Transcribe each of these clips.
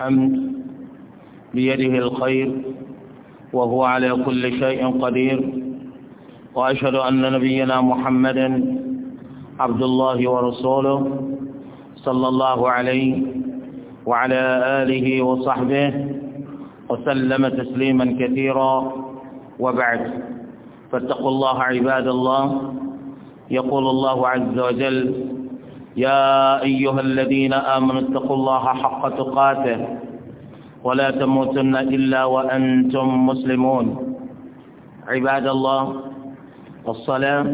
حمد بيده الخير وهو على كل شيء قدير وأشهد أن نبينا محمد عبد الله ورسوله صلى الله عليه وعلى آله وصحبه وسلم تسليما كثيرا وبعد فاتقوا الله عباد الله يقول الله عز وجل يا أيها الذين آمنوا اتقوا الله حق تقاته ولا تموتن إلا وأنتم مسلمون عباد الله والصلاة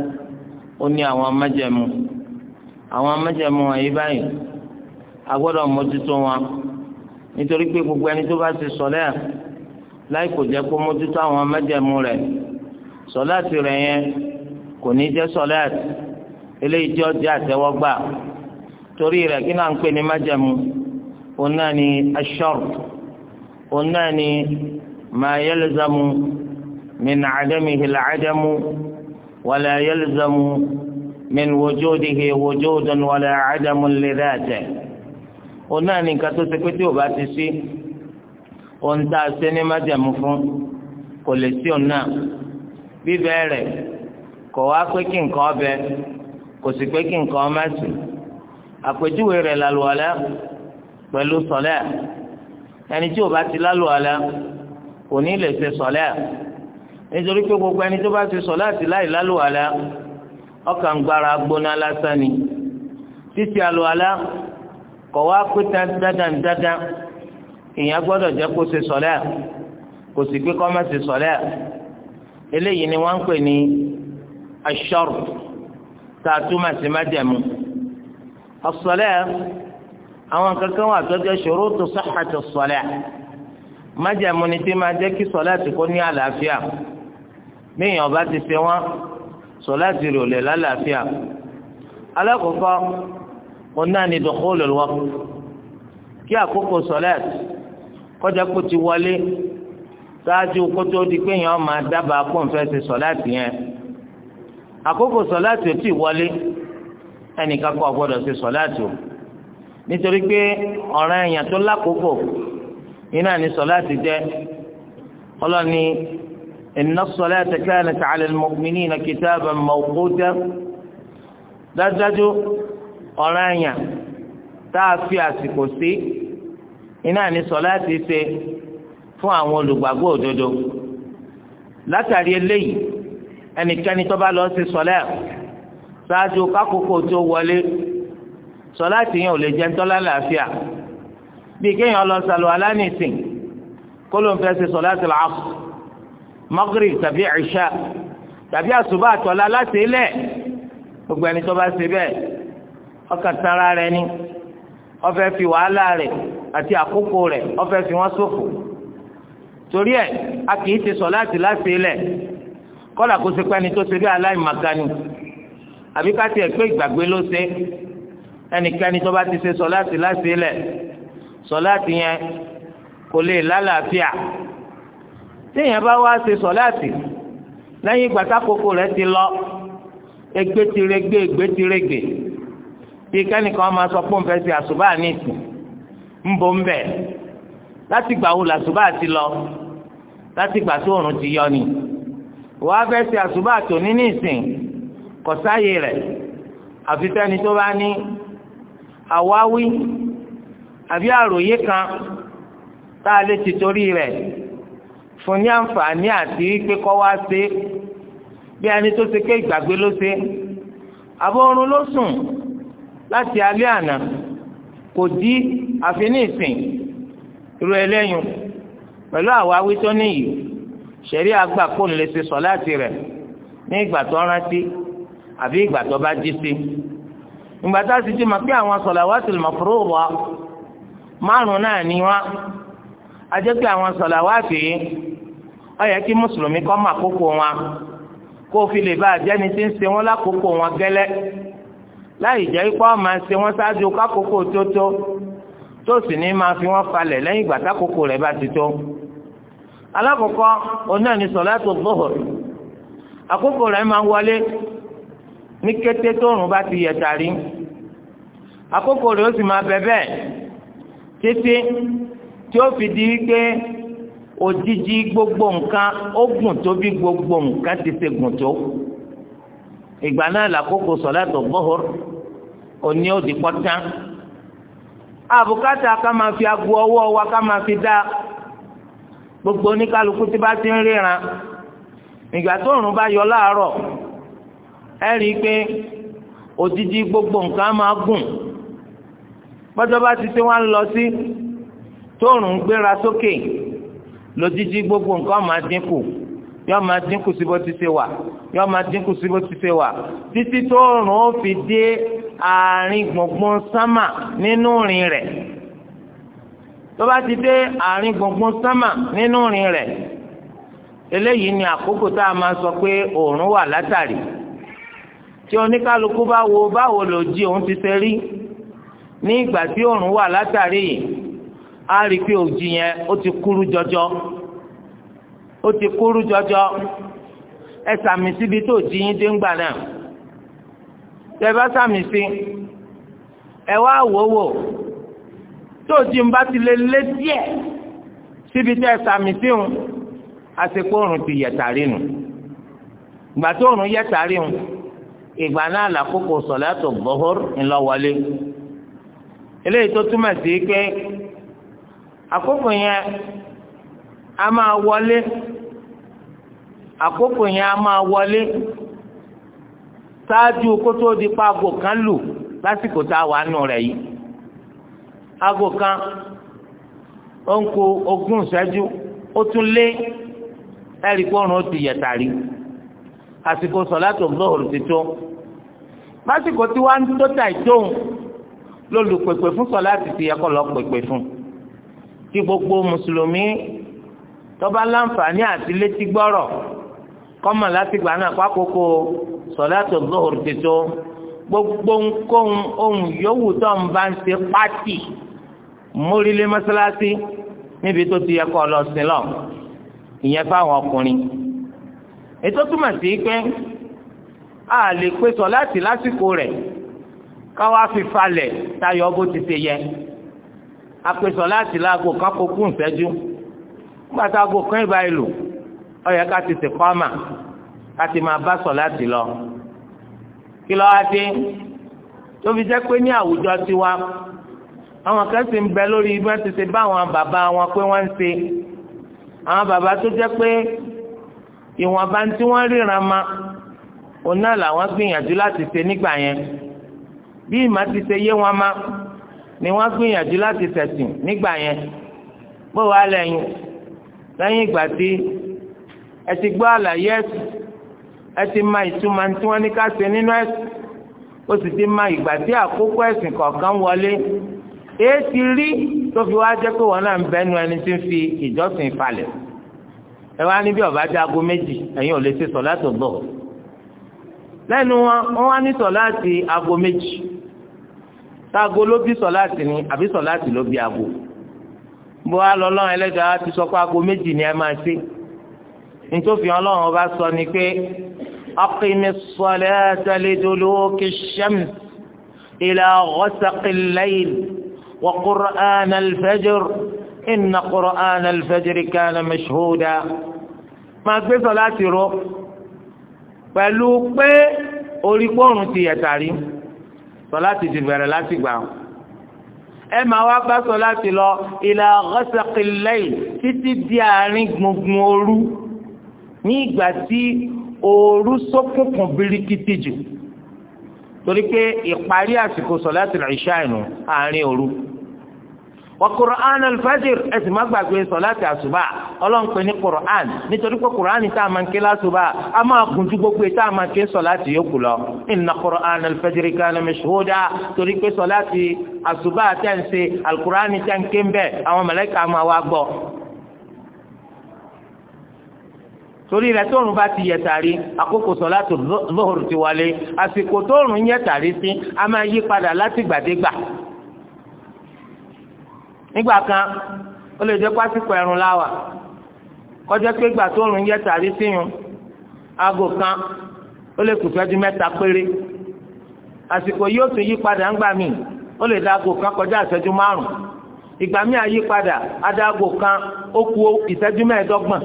أني أوان مجمو أوان مجمو أيباي أقول موجتوا nítorí pé gbogbo ẹni tó bá ti sọlẹ́ láì kò jẹ́ kó mójútó àwọn mẹ́jẹ̀mú rẹ̀ sọlẹ́ẹ̀tì rẹ̀ yẹn kò torí rẹ̀ kí náà ń pè ní májẹ̀mú òun náà ni ash-shart òun náà ni ma yalzamu min adamihi al-adamu wala yalzamu min wujudihi wujudun wala adamun li dhatihi òun náà ni nǹkan tó ṣe bá ti sí òun tá a ṣe ní májẹ̀mú fún kò lè sí òun náà bíbẹ̀ rẹ̀ kò wá pé kí nǹkan ọbẹ̀ kò sì pé kí nǹkan ọmọ ẹ̀sìn àpèjúwe rẹ̀ lálùwàlá pẹ̀lú sọ̀lẹ́ ẹni tí ò bá ti lálùwàlá kò ní lè ṣe sọ̀lẹ́ nítorí pé gbogbo ẹni tó bá ti sọ̀lẹ́ àti láì lálùwàlá ọkàn gbára gbóná lásán ni títí àlùwàlá kọ̀ wá pé dandan dandan èèyàn gbọ́dọ̀ jẹ́ kó ṣe sọ̀lẹ́ kò sì pé kó má ṣe sọ̀lẹ́ eléyìí ni wọ́n ń pè ní aṣọ́rù tá a túmọ̀ sí májẹ̀mú as-salah àwọn kankan wà tó jẹ́ shurutu sihhati as-salah májàmú ni tí máa jẹ́ kí sọláàtì kó ní àlàáfíà míyàn bá ti ṣe wọ́n sọláàtì rò lè lálàáfíà alákòókò ọ̀nà ni dukhulul waqt kí àkókò sọláàtì kọjá kó ti wọlé ṣáájú kó tó di pé yàn máa dábàá kó n fẹ́ ṣe sọláàtì yẹn àkókò sọláàtì ò tí wọlé ẹnìkan kò gbọ́dọ̀ ṣe sọ̀láàtì o nítorí pé ọ̀ràn èèyàn tó lákòókò iná ní sọ̀láàtì jẹ́ ọlọ́ni inna as-salata kanat 'ala al-mu'minina kitaban mawquta dájúdájú ọ̀ràn èèyàn tá a fi àsìkò sí iná ní sọ̀láàtì ṣe fún àwọn olùgbàgbọ́ òdodo látàrí eléyìí ẹnikẹ́ni tó bá lọ sí sọ̀láàtì ṣáájú kákòókò tó wọlé sọláàtì yẹn ò lè jẹ́ ńtọ́lá làáfíà bí kéèyàn lọ sàlù alánìsìn kó ló ń fẹ́ ṣe sọláàtì làásù magrib tàbí ìṣá tàbí àṣùbà àtọ́lá láti ilẹ̀ gbogbo ẹni tó bá ṣe bẹ́ẹ̀ ọkàn tara rẹ ni ọfẹ́ fi wàhálà rẹ àti àkókò rẹ ọfẹ́ fi wọ́n ṣòfò torí ẹ̀ a kì í ṣe sọláàtì láti ilẹ̀ kọ́lá kó ṣe pẹ́ni tó ṣe bí aláìmàkánì àbí ká tiẹ̀ pé ìgbàgbé ló ṣe ẹnikẹ́ni tó bá ti ṣe sọláàtì láti lẹ̀ sọláàtì yẹn kò lè lálàáfíà téèyàn bá wá ṣe sọláàtì lẹ́yìn ìgbà tákòókò rẹ̀ ti lọ egbe ti regbe egbe ti regbe bí kẹ́nìkan máa sọ pé òun fẹ́ ṣe àṣùbà ní ìsìn ń bọ̀ ń bẹ̀ láti gbà wo làṣùbà ti lọ láti gbà tó òòrùn ti yọ ni wàá fẹ́ ṣe àṣùbà tòní ní kọsáyé rẹ̀ àfi sẹ́ni tó bá ní àwáwí àbí àròyé kan tá a lè ti torí rẹ̀ fún ní àǹfààní àti pé kọ́ wá sí bí ẹni tó ṣe pé ìgbàgbé ló ṣe àbọ̀run ló sùn láti alẹ́ àná kò dí àfi irú ẹlẹ́yìn pẹ̀lú àwáwí tó níyì ṣẹ̀rí àgbà kò ní lè ṣe sọ láti rẹ̀ ní ìgbà tó rántí àbí ìgbà tó bá jí sí ìgbà tá a sì ti mọ̀ pé àwọn salawatul mafruḍa márùn náà ni wá a jẹ́ pé àwọn salawati yìí ó yẹ kí mùsùlùmí kọ́ mà kókó wọn kó fi lè bá àjẹni tí ń ṣe wọn lákòókò wọn gẹ́lẹ́ láì jẹ́ ipá máa ṣe wọn ṣáájú kákòókò tó tó tó sì ní máa fi wọn falẹ̀ lẹ́yìn ìgbà tákòókò rẹ̀ bá ti tó alákòókò onáà ni salatu dhuhr àkókò rẹ̀ máa wọlé ní kété tóòrùn bá ti yẹ tàrí àkókò rẹ̀ ó sì máa bẹ bẹ́ẹ̀ títí tí ó fi di wípé òjijì gbogbo nǹkan ó gùn tó bí gbogbo nǹkan ti ṣe gùn tó ìgbà náà làkókò sọ̀látù gbọ́hùr òní òdì pọ́tán àbùkátà ká máa fi agbo ọwọ́ wa ká máa fi dá gbogbo oníkálukú tí bá ti ń ríran ìgbà tóòrùn bá yọ láàárọ̀ ẹ rí i pé òdìdí gbogbo nǹkan máa gùn bọ́jọ́ bá ti tí wọ́n ń lọ sí tóòrùn gbéra sókè lòdìdí gbogbo nǹkan máa dínkù yóò máa dínkù sí bó ti ṣe wà yóò máa dínkù sí bó ti ṣe wà títí tóòrùn ó fi dé àárín gbùngbùn sámà nínú rìn rẹ̀ tó ti dé àárín gbùngbùn sámà nínú rìn rẹ̀ eléyìí ni àkókò tá a máa sọ pé òòrùn wà látàrí tí oníkálukú bá wo báwo lòdì òun ti ṣe rí ní ìgbà tí òòrùn wà látàrí yìí á rí i pé òjì yẹn ó ti kúrú jọjọ ó ti kúrú jọjọ ẹ sàmì síbi tó jí yín dé ńgbà náà tẹ bá sàmì sí ẹ wá wò tó jí ń bá ti lè lé díẹ̀ síbi tẹ sàmì sí òun àti pé òòrùn ti yẹ̀tàrí nù ìgbà tó òòrùn yẹ̀tàrí nù. ìgbà náà làkókò sọ̀látò bọ́hór ńlọ́wọlé eléyìí tó túmọ̀ sí pé àkókò yẹn a máa wọlé àkókò yẹn a máa wọlé di pa kan lù lásìkò tá a wà nù rẹ̀ yìí kan ó ń kó ogún ìṣẹ́jú ó tún lé ẹ̀rí pọ́nrún ó àsìkò sọ̀látò lóhùrù ti tó lásìkò tí wàá ń tó tà ìtóhùn lólùpèpè fún sọ̀láàtì ti yẹ kó lọ pèpè fún kí gbogbo mùsùlùmí tó bá láǹfààní àti létí gbọ́rọ̀ kọ́mọ̀ láti gbà náà pákókó sọ̀láàtò lóhùrù ti tó gbogbo nkóhun ohun yòówù tó ń bá ń ṣe pátì mórílé mọ́sálásí níbi tó ti yẹ kó lọ sílọ̀ ìyẹn fáwọn ọkùnrin ètò túmọ̀ sí pé a lè pé sọ láti lásìkò rẹ̀ káwá fi falẹ̀ tayọ bó ti ṣe yẹ a pé sọ láti láago kan kó kún ìṣẹ́jú nígbà tá aago kan ìbá ìlú ó yẹ ká ti sèkọ́ àmà ká ti máa bá sọ láti lọ kí lọ́wọ́ á tóbi jẹ́ pé ní àwùjọ tiwa àwọn kan sì ń bẹ lórí bí wọ́n ti ṣe bá àwọn bàbá wọn pé wọ́n ń ṣe àwọn bàbá tó jẹ́ pé ìwọ̀nba tí wọ́n ríran ma ọ̀nà làwọn gbìyànjú láti ṣe nígbà yẹn bí ìmá ti ṣe yé wọn ma ni wọ́n gbìyànjú láti ṣẹ̀sìn nígbà yẹn bó wàá lẹ́yìn lẹ́yìn ìgbà tí ẹ ti gbọ́ àlàyé ẹ̀sìn ẹ ti ma ìtumọ̀ tí wọ́n ní ká ṣe nínú ẹ̀sìn ó sì ti ma ìgbà tí àkókò ẹ̀sìn kọ̀ọ̀kan wọlé èé ti rí tó fi wá jẹ́ pé wọn náà ń bẹ́nu ẹni tí ń fi ìjọsìn falẹ̀ ẹ wá níbi ọba dé aago méjì ẹ̀yin ò lè ṣe sọ láti ọgbọ lẹ́nu wọn wọn wá ní sọ láti aago méjì táago ló bí sọ láti ni àbí sọ láti ló bí aago bó wá lọ lọ́rùn ẹlẹ́dàá ti sọ pé aago méjì ni ẹ máa ṣe nítòfì ọlọ́run ọba sọ ni pé aqimis salata liduluki shams ila ghasaqil layl wa qur'ana al-fajr inna qur'ana al-fajr kana mashhuda máa gbé sọ láti rọ pẹ̀lú pé orí pọ́ọ̀rùn ti yẹ̀tàrí sọ láti ti bẹ̀rẹ̀ láti gbà ẹ máa wá bá sọ láti lọ ìlà ghasaqil layl títí di àárín gbùngbùn òru ní ìgbà tí òru ṣókùnkùn birikiti jù torí pé ìparí àsìkò sọ láti rìn ṣáà nù àárín òru wa qur'an al-fajr ẹ̀sìn má gbàgbé sọ̀láàtì àṣùbà ọlọ́run pè ní qur'an nítorí pé qur'an tá a máa ń ké láṣùbà a máa gùn ju gbogbo tá a máa ké sọ̀láàtì yòókù lọ inna qur'an al-fajr kana mashhuda torí pé sọ̀láàtì àṣùbà tẹ̀ ń ṣe al-qur'an tẹ̀ ń rẹ tóorùn bá ti yẹ tàrí àkókò sọ̀láàtù zuhur ti wọlé àsìkò tóorùn yẹ tàrí sí a máa yí padà láti gbàdégbà nígbà kan ó lè jẹ́ pásítọ̀ ẹ̀rùn láwà kọjá pé ìgbà tó rùn yẹ tàrí síyun aago kan ó lè kùfẹ́jú mẹ́ta péré àsìkò yóò tún yí padà ńgbà míì ó lè da aago kan kọjá ìṣẹ́jú márùn-ún ìgbà míì àyípadà adágò kan ó ku ìṣẹ́jú mẹ́ẹ̀ẹ́dọ́gbọ̀n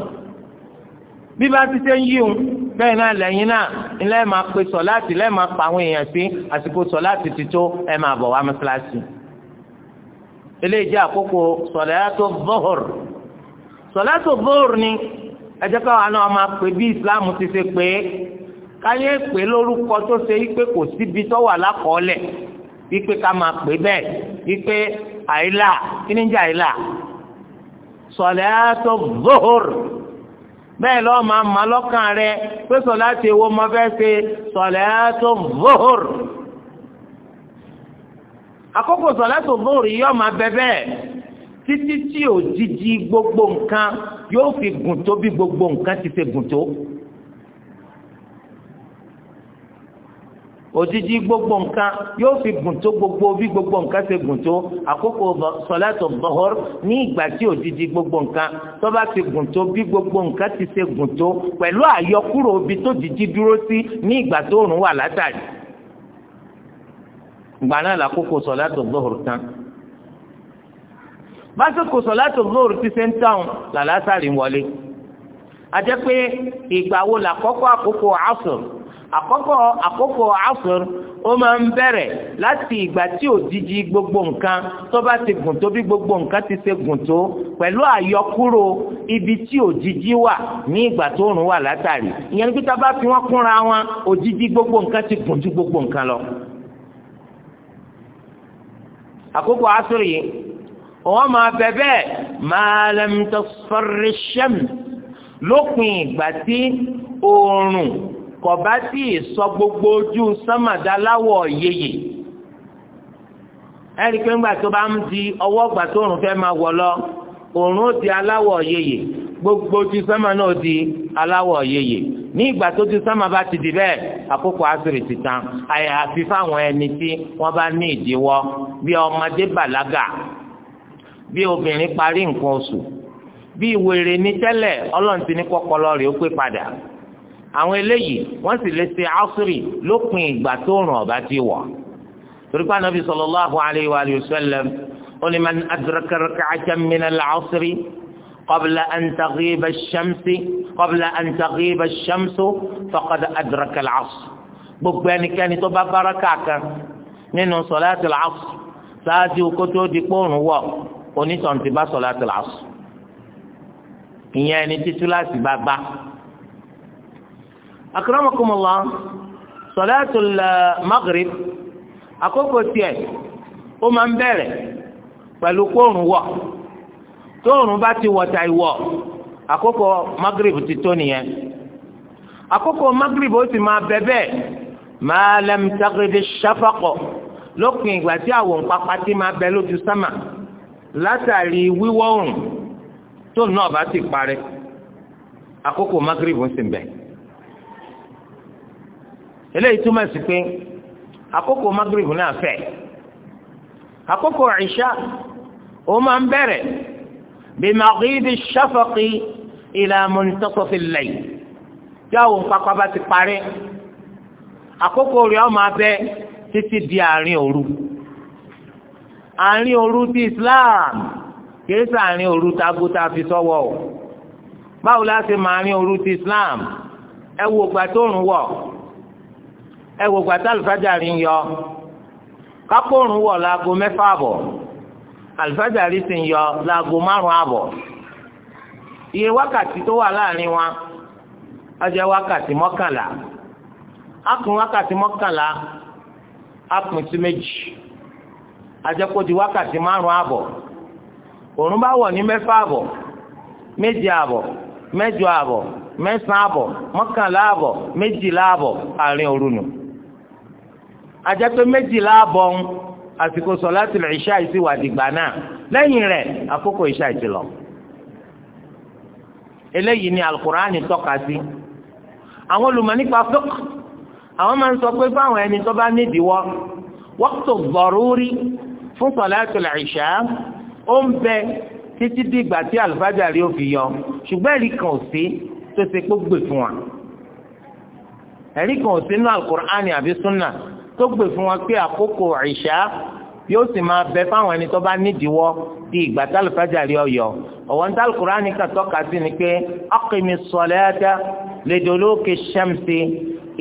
bí bá ti ṣe ń yí òun bẹ́ẹ̀ náà lẹ́yìn náà ńlẹ́ máa pe sọ̀ láti lẹ́ẹ̀ máa pa àwọn èèyàn sí àsìkò sọ̀ láti ti tó ẹ̀ máa bọ̀ wá mọ́ṣáláṣí eléyìí jẹ́ àkókò sọ̀lẹ́tò bọ́hùr sọ̀lẹ́tò bọ́hùr ni ẹ jẹ́ káwọn náà máa pè bí ìsìláàmù ti ṣe pé káyé pè lórúkọ tó ṣe wípé kò síbi tó wà lákọọ́lẹ̀ wípé ká máa pè bẹ́ẹ̀ wípé àìlà kí ni jẹ́ àìlà sọ̀lẹ́tò bọ́hùr bẹ́ẹ̀ lọ́ọ́ máa ma lọ́kàn rẹ pé sọ̀lá ti wo fẹ́ ṣe sọ̀lẹ́tò bọ́hùr àkókò sọ̀látò lóòrì yóò máa bẹ bẹ́ẹ̀ títí tí òjijì gbogbo nǹkan yóò fi gùn tó bí gbogbo nǹkan ti ṣe gùn tó. òjijì gbogbo nǹkan yóò fi gùn tó gbogbo bí gbogbo nǹkan ṣe gùn tó àkókò sọlátò bọhọr ní ìgbà tí òjijì gbogbo nǹkan tó bá ti gùn tó bí gbogbo nǹkan ti ṣe gùn tó pẹ̀lú àyọkúrò ibi tó jìjì dúró sí ní ìgbà tó òòrùn wà látàrí gbà la koko sọ̀látò lóhùrù tán básìkò sọ̀látò lóhùrù ti ṣe ń tàn làlásàrì wọlé àjẹ́ pé la wo làkọ́kọ́ àkókò asùr àkọ́kọ́ àkókò asùr ó máa ń bẹ̀rẹ̀ láti ìgbà tí òjijì gbogbo nǹkan tó bá ti gùn tó bí gbogbo nǹkan ti ṣe gùn tó pẹ̀lú àyọkúrò ibi tí òjijì wa ní ìgbà tó rùn wà látàrí ìyẹn ní pé a bá fi wọ́n kúnra wọn òjijì gbogbo nǹkan ti gùn gbogbo nǹkan lọ àkókò asúrì yìí wọ́n máa bẹ bẹ́ẹ̀ máa lẹ́mítọ́ sọ́rí sẹ́mi lópin ìgbà tí oòrùn kò bá tí ì sọ gbogbo ojú sánmàdáláwọ̀ yeye ẹ̀rí pé ńgbà tó bá ń di ọwọ́ ìgbà tó oòrùn fẹ́ máa wọ̀ lọ oòrùn ó di aláwọ̀ yeye gbogbo ojú sánmà náà ó di aláwọ̀ yeye ní ìgbà tó ti sáma bá ti di bẹ́ẹ̀ àkókò àṣírí ti tán àyàfi fáwọn ẹni tí wọ́n bá ní ìdíwọ́ bí ọmọdé bàlágà bí obìnrin parí nǹkan oṣù bí wèrè ní tẹ́lẹ̀ ọlọ́run ti ní kọ́kọ́lọ́ rẹ̀ ó pé padà àwọn eléyìí wọ́n sì lè ṣe àṣírí lópin ìgbà tó rùn ọ̀bá ti wọ̀ torí pé Ànábì sallallahu alayhi wa sallam ó ní man adraka rak'atan min al قبل أن تغيب الشمس قبل أن تغيب الشمس فقد أدرك العصر gbogbo ẹnikẹ́ni tó bá bára kàkan nínú sọláàtì làásù ṣáájú kó tó di kóòrùn wọ̀ onítàn ti bá sọláàtì làásù ìyẹn ẹni títú láti bá gbá. akramakumullah sọláàtì magrib àkókò tiẹ̀ ó máa ń bẹ̀rẹ̀ pẹ̀lú kóòrùn wọ̀. tóòrùn bá ti wọta ìwọ̀ àkókò magrib ti tó nìyẹn àkókò magrib ó sì máa bẹ bẹ́ẹ̀ máa lẹ́m tagidi ṣáfàkọ̀ lópin ìgbà tí àwọn pápá ti máa bẹ lójú sámà látàrí wíwọ̀ oòrùn tóòrùn náà bá ti parí àkókò magrib ń sìn bẹ eléyìí túmọ̀ sí pé àkókò magrib náà fẹ̀ àkókò ìṣá ó máa ń bẹ̀rẹ̀. bimaghibi shafaqi ila muntasafi al-layl tí àwọn pápá bá ti parí àkókò rẹ̀ ọmọ abẹ́ títí di àárín òru àárín òru ti Islam kìí sàárín òru taguta fi sọ́wọ́ o báwo la ṣe máa rin òru ti Islam ẹ wo gbà tó rùn wọ̀ ẹ wo gbà tá àlùfáàjà rí yọ kápò rùn wọ̀ láago mẹ́fà bọ̀ alifájàrí sì ń yọ láago márùn àbọ̀ iye wákàtí tó wà láàrin wa á jẹ́ wákàtí mọ́kànlá á kún wákàtí mọ́kànlá á kún sí méjì á jẹ́ kó di wákàtí márùn àbọ̀ òòrùn bá wọ̀ ní mẹ́fà àbọ̀ méje àbọ̀ mẹ́jọ àbọ̀ mẹ́sàn àbọ̀ mọ́kànlá àbọ̀ méjìlá àbọ̀ àárín òru nù àjẹpẹ́ méjìlá àbọ̀ ń àsìkò sọ̀láàtì ìṣá ìsì wà dìgbà náà lẹ́yìn rẹ̀ àkókò ìṣá ìsì lọ. eléyìí ni alukur'ani tọ́ka sí. àwọn olùmọ̀ nípa fiqh àwọn máa ń sọ pé fáwọn ẹni tó bá nídìíwọ́ waqtu daruri fún sọ̀láàtì ìṣá ó ń bẹ títí dìgbà tí àlùfájàrí ó fi yọ ṣùgbọ́n ẹ̀rí kan ò sí tó ṣe pé gbè fún wa ẹ̀rí kan ò sí nínú alukur'ani àbí sunna tó gbè fún wọn pé àkókò ìṣá yóò sì máa bẹ fáwọn ẹni tó bá nídìíwọ́ di ìgbà tálùfájà rí ọyọ ọ̀wọ́n tálùkùránì kan tọ́ka sí ni pé aqimi ssalata liduluki shamsi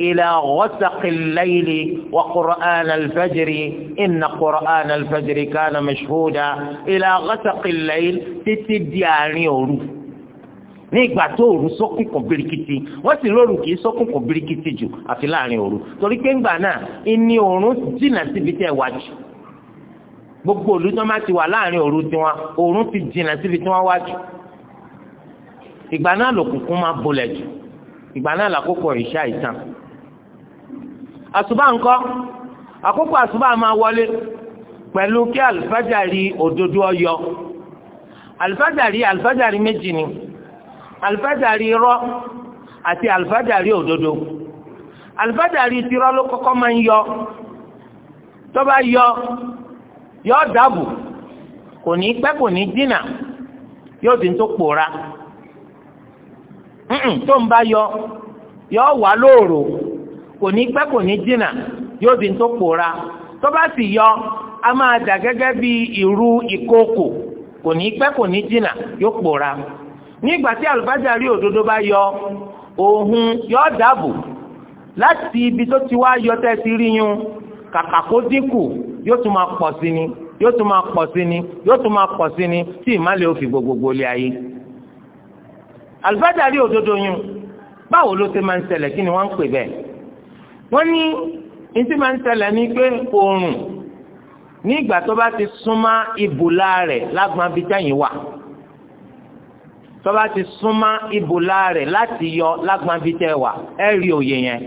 ila ghasaqi al-layli wa qur'ana al-fajri inna qur'ana al-fajri kana mashhuda títí di àárín òru ní ìgbà tó òru sókùnkùn birikiti wọ́n sì lóru kì í sókùnkùn birikiti jù àfi láàrin òru torí pé ńgbà náà ìní òrùn jìnnà síbi tẹ́ wá jù gbogbo òlu tí wọ́n bá ti wà láàrin òru tiwọn òrùn ti jìnnà síbi tí wọ́n wá jù ìgbà náà lòkùnkùn máa bolẹ̀ jù ìgbà náà làkókò ìṣá ìtàn àsùbá ńkọ́ àkókò àsùbá máa wọlé pẹ̀lú kí alifájàrí òdodo ọyọ alifájàrí alifájàrí méjì ni. alifájàrí rọ àti alifájàrí òdodo alifájàrí tirọ́ ló kọ́kọ́ máa ń yọ tó bá yọ yọ dàbù kò ní pẹ́ kò ní dínà yóò di tó pòórá tó ń bá yọ yọ wà lóòrò kò ní pẹ́ kò ní dínà yóò di yọ a máa dà bí kò ní kò ní nígbà tí àlùfájàrí òdodo bá yọ òhun yọ dàbò láti ibi tó ti wá yọ tẹ́ ti rí yún kàkà kó dínkù yóò tún máa pọ̀ sí ni yóò tún máa pọ̀ sí ni yóò tún máa pọ̀ sí ni tí ìmálẹ̀ òfin gbogbogbò lé ayé àlùfájàrí òdodo yún báwo ló ṣe máa ń ṣẹlẹ̀ kí ni wọ́n ń pè bẹ́ẹ̀ wọ́n ní ìtí máa ń ṣẹlẹ̀ ní pé oòrùn nígbà tó bá ti súnmọ́ ibùlá rẹ̀ lágbọ́n abijá wà tọ́ba ti súnmọ́ ibùlá rẹ̀ láti yọ lágbọ́n bíi tẹ́ wà ẹ rí òye yẹn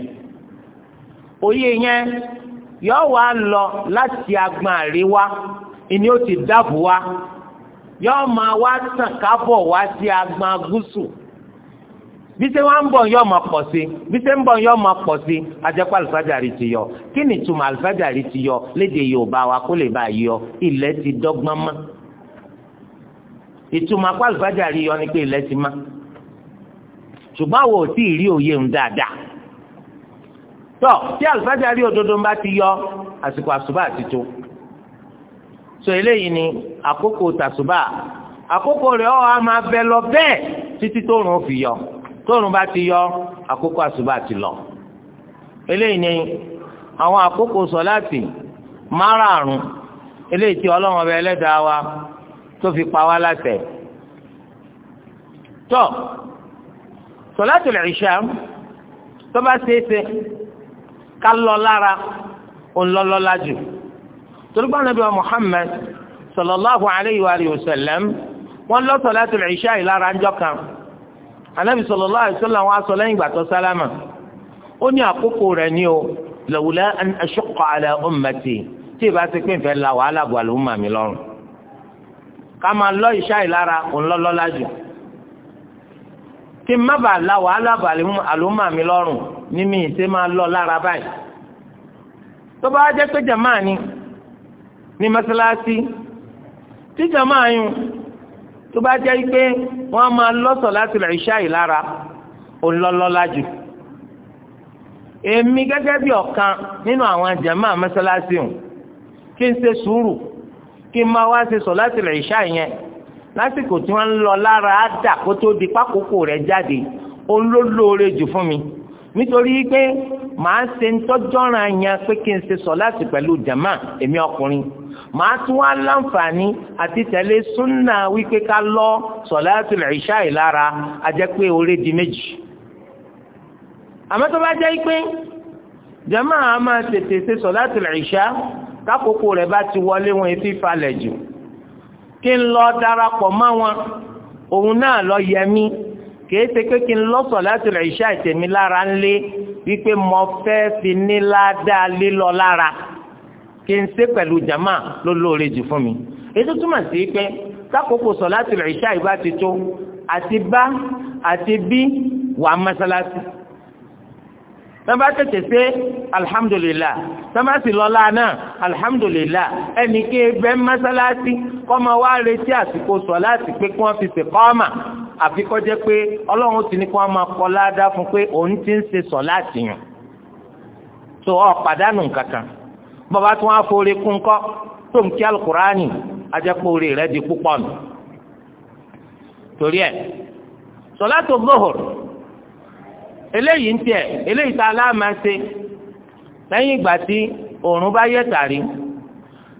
òye yẹn yọ wá lọ láti agbọ́n àríwá ìní ó ti dáàbò wá yọ máa wá tàn kábọ̀ wá sí agbọ́n gúúsù bí ṣe wá ń bọ̀ yọ máa pọ̀ sí bí ṣe ń bọ̀ yọ máa pọ̀ sí ajẹ́pọ̀ àlùfáàjàrí ti yọ kí ni ìtumọ̀ àlùfáàjàrí ti yọ léde Yorùbá wa kó lè bá yọ ilẹ̀ ti dọ́gbọ́n mọ́ ìtumọ̀ apá àlùfáàjà rí yọ ni pé ilẹ̀ ti má ṣùgbọ́n àwọn ò tí ì rí òye ń dáadáa tọ́ tí àlùfáàjà rí òdodo ń bá ti yọ àsìkò àṣùbà ti tó so eléyìí ni àkókò tàṣùbà àkókò rẹ̀ ọ́ a máa bẹ lọ bẹ́ẹ̀ títí tóòrùn fi yọ tóòrùn bá ti yọ àkókò àṣùbà ti lọ eléyìí ni àwọn àkókò sọláàtì márààrún eléyìí tí ọlọ́run ọba ẹlẹ́dàá wa tó fi pa wá láṣẹ. tọ́ sọ̀látù l'ìṣà tó bá ṣeéṣe ká lọ lára ònlọ́lọ́lá jù torípa nàbí wa Muhammad sallallahu alayhi wa alihi wa sallam wọ́n lọ sọ̀látù l'ìṣà yìí lára ńjọ́ kan anabi sallallahu alayhi wa sallam wọn aṣọ lẹ́yìn ìgbà tó sálámà ó ní àkókò rẹ̀ ní o lawla an ashqa ala tí ì bá ti pín fẹ́ la wàhálà bu àlùmọ̀ mi lọ́rùn ká máa lọ ìṣá ìlara òun lọ́lọ́lá jù kí n má bàa la wàhálà bàlẹ́ àlùmọ́ mi lọ́rùn ní ìṣe máa lọ lára báyìí tó bá jẹ́ pé jàmáà ni ní mọ́sálásí tí jàmáà yun tó bá jẹ́ pé wọ́n á máa lọ́sọ̀ láti rẹ̀ ìṣá ìlara òun lọ́lọ́lá jù èmi gẹ́gẹ́ bí ọ̀kan nínú àwọn jàmáà mọ́sálásí hùn kí n ṣe sùúrù kí n máa wá ṣe sọ láti rẹ̀ ìṣá yẹn lásìkò tí wọ́n ń lọ lára á dà kó tó di pákókó rẹ̀ jáde òun ló lóore jù fún mi nítorí pé màá ṣe ń tọ́jọ́ra yẹn pé kí n ṣe sọ láti pẹ̀lú jàmá èmi ọkùnrin màá tún wá láǹfààní àti tẹ̀lé súnà wípé ká lọ sọ̀láàtì ìṣá ìlara ajẹ́ pé orí di méjì. àmọ́ tó bá jẹ́ pé jàmá a máa tètè ṣe sọ̀láàtì ìṣá tákòókò rẹ̀ bá ti wọlé wọn efi falẹ̀ jù kí n lọ darapọ̀ mọ́ wọn òun náà lọ yẹ mí kìí ṣe pé kí n lọ́sọ̀ láti rẹ̀ iṣẹ́ àìtẹ̀mí lára ń lé wípé mo fẹ́ fi ní ládàá lílọ lára kí n ṣe pẹ̀lú jàmá ló lóore jù fún mi ètò túmọ̀ sí pé tákòókò sọ̀ láti rẹ̀ iṣẹ́ àìbá ti tó àti bá àti bí wàá mọ́sálásí tọ́ba tètè ṣe alhamdulillah tọ́ba sì lọ́la náà alhamdulillah ẹnì kí ebẹ́ mọ́sálásí kọ́mọ wá retí àsìkò sọ láti pé kí wọ́n fi ṣe kọ́ọ̀mà àfi kọ́ jẹ́ pé ọlọ́run ti ní kí wọ́n máa kọ́ ládá fún pé òun ti ń ṣe sọ láti yàn tó ọ pàdánù kankan bọ́ba tí wọ́n á forí kún kọ́ tó ń kí alukurani ajẹ́pọ̀ orí rẹ̀ di púpọ̀ nù torí ẹ̀ sọlátò bọ́hùrù eléyìí ń tiẹ̀ eléyìí tá a lá máa ṣe lẹ́yìn ìgbà tí òòrùn bá yẹ̀ tàrí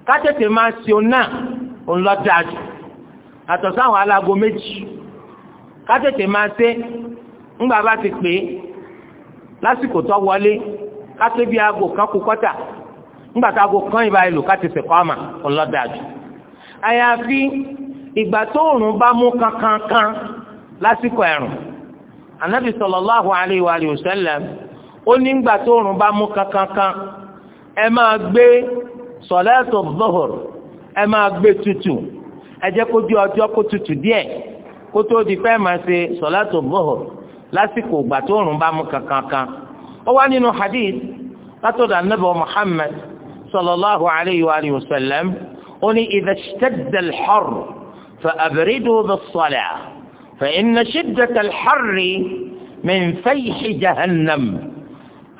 ká tètè máa ṣe òun náà òun lọ dáa jù àtọ̀ sáwọn alágo méjì ká tètè máa ṣe ńgbà bá ti pè é lásìkò tó wọlé ká bí aago kan kú kọ́tà ńgbà tá aago kan ìbá ìlú ká ti àmà òun lọ dáa àyàfi ìgbà tó òòrùn bá mú kankankan lásìkò ẹ̀rùn anabi sallallahu alayhi wa alihi wa sallam ó ní gbà tó rùn bá mú kankankan ẹ máa gbé sọlẹ́tò zuhur ẹ máa gbé tutù ẹ jẹ́ kó di ọjọ́ kó tutù díẹ̀ kó tó di pé máa ṣe sọlẹ́tò zuhur lásìkò gbà tó rùn bá mú kankankan ó wá nínú hadith látọ̀dọ̀ anabi muhammad sallallahu alayhi wa alihi ó ní idha ishtadda al-harr fa فإن شدة الحر من فيح جهنم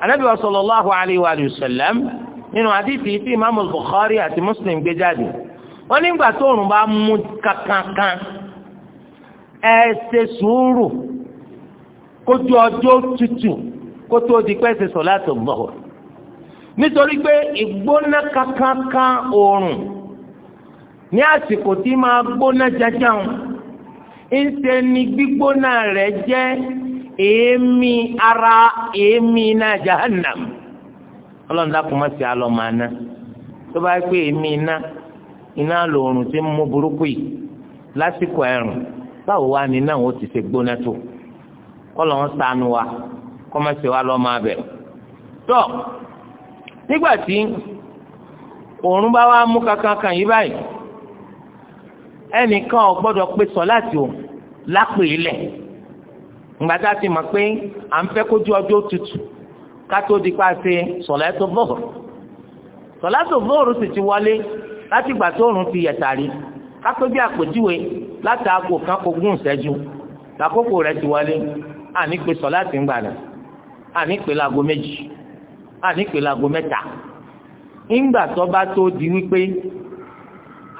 النبي صلى الله عليه وآله وسلم من hadithi في imaamu Bukhari àti مسلم gbé jáde wọ́n nígbà tóòrùn bá mú kankankan ẹ ṣe sùúrù kójú ọjọ́ tutù kó tó di pé ṣe sọ̀láàtù zuhur nítorí pé ìgbóná kankankan oòrùn ní àsìkò tí máa gbóná jẹjẹun ńṣe ni gbígbóná rẹ̀ jẹ́ èémí ara èémí náà jahannam ọlọ́run dákun má sí alọ́ máa ná tó bá pé èémí iná iná lòórùn tí ń mú burúkú yìí lásìkò ẹ̀rùn báwo wá ni náà ó ti ṣe gbóná tó kọ́lọ̀ ń wa kọ́ má sí wa lọ́ máa bẹ̀ tọ́ nígbà tí òórùn bá wá mú kankan kan yí báyìí. ẹnìkan ò gbọdọ pé sọláàtì o lápè ilẹ̀ ngbàtà ti pé à ń fẹ́ kójú ọjọ́ tutù kátó di pa ṣe sọláàtì vóòrù sọláàtì sì ti wọlé láti tó òrùn ti yẹ̀tàrí kátó bí àpèjúwe láti aago kan ti wọlé àní pé sọláàtì ń gbà àní pé láago méjì àní pé láago mẹ́ta ńgbà tó bá tó di wípé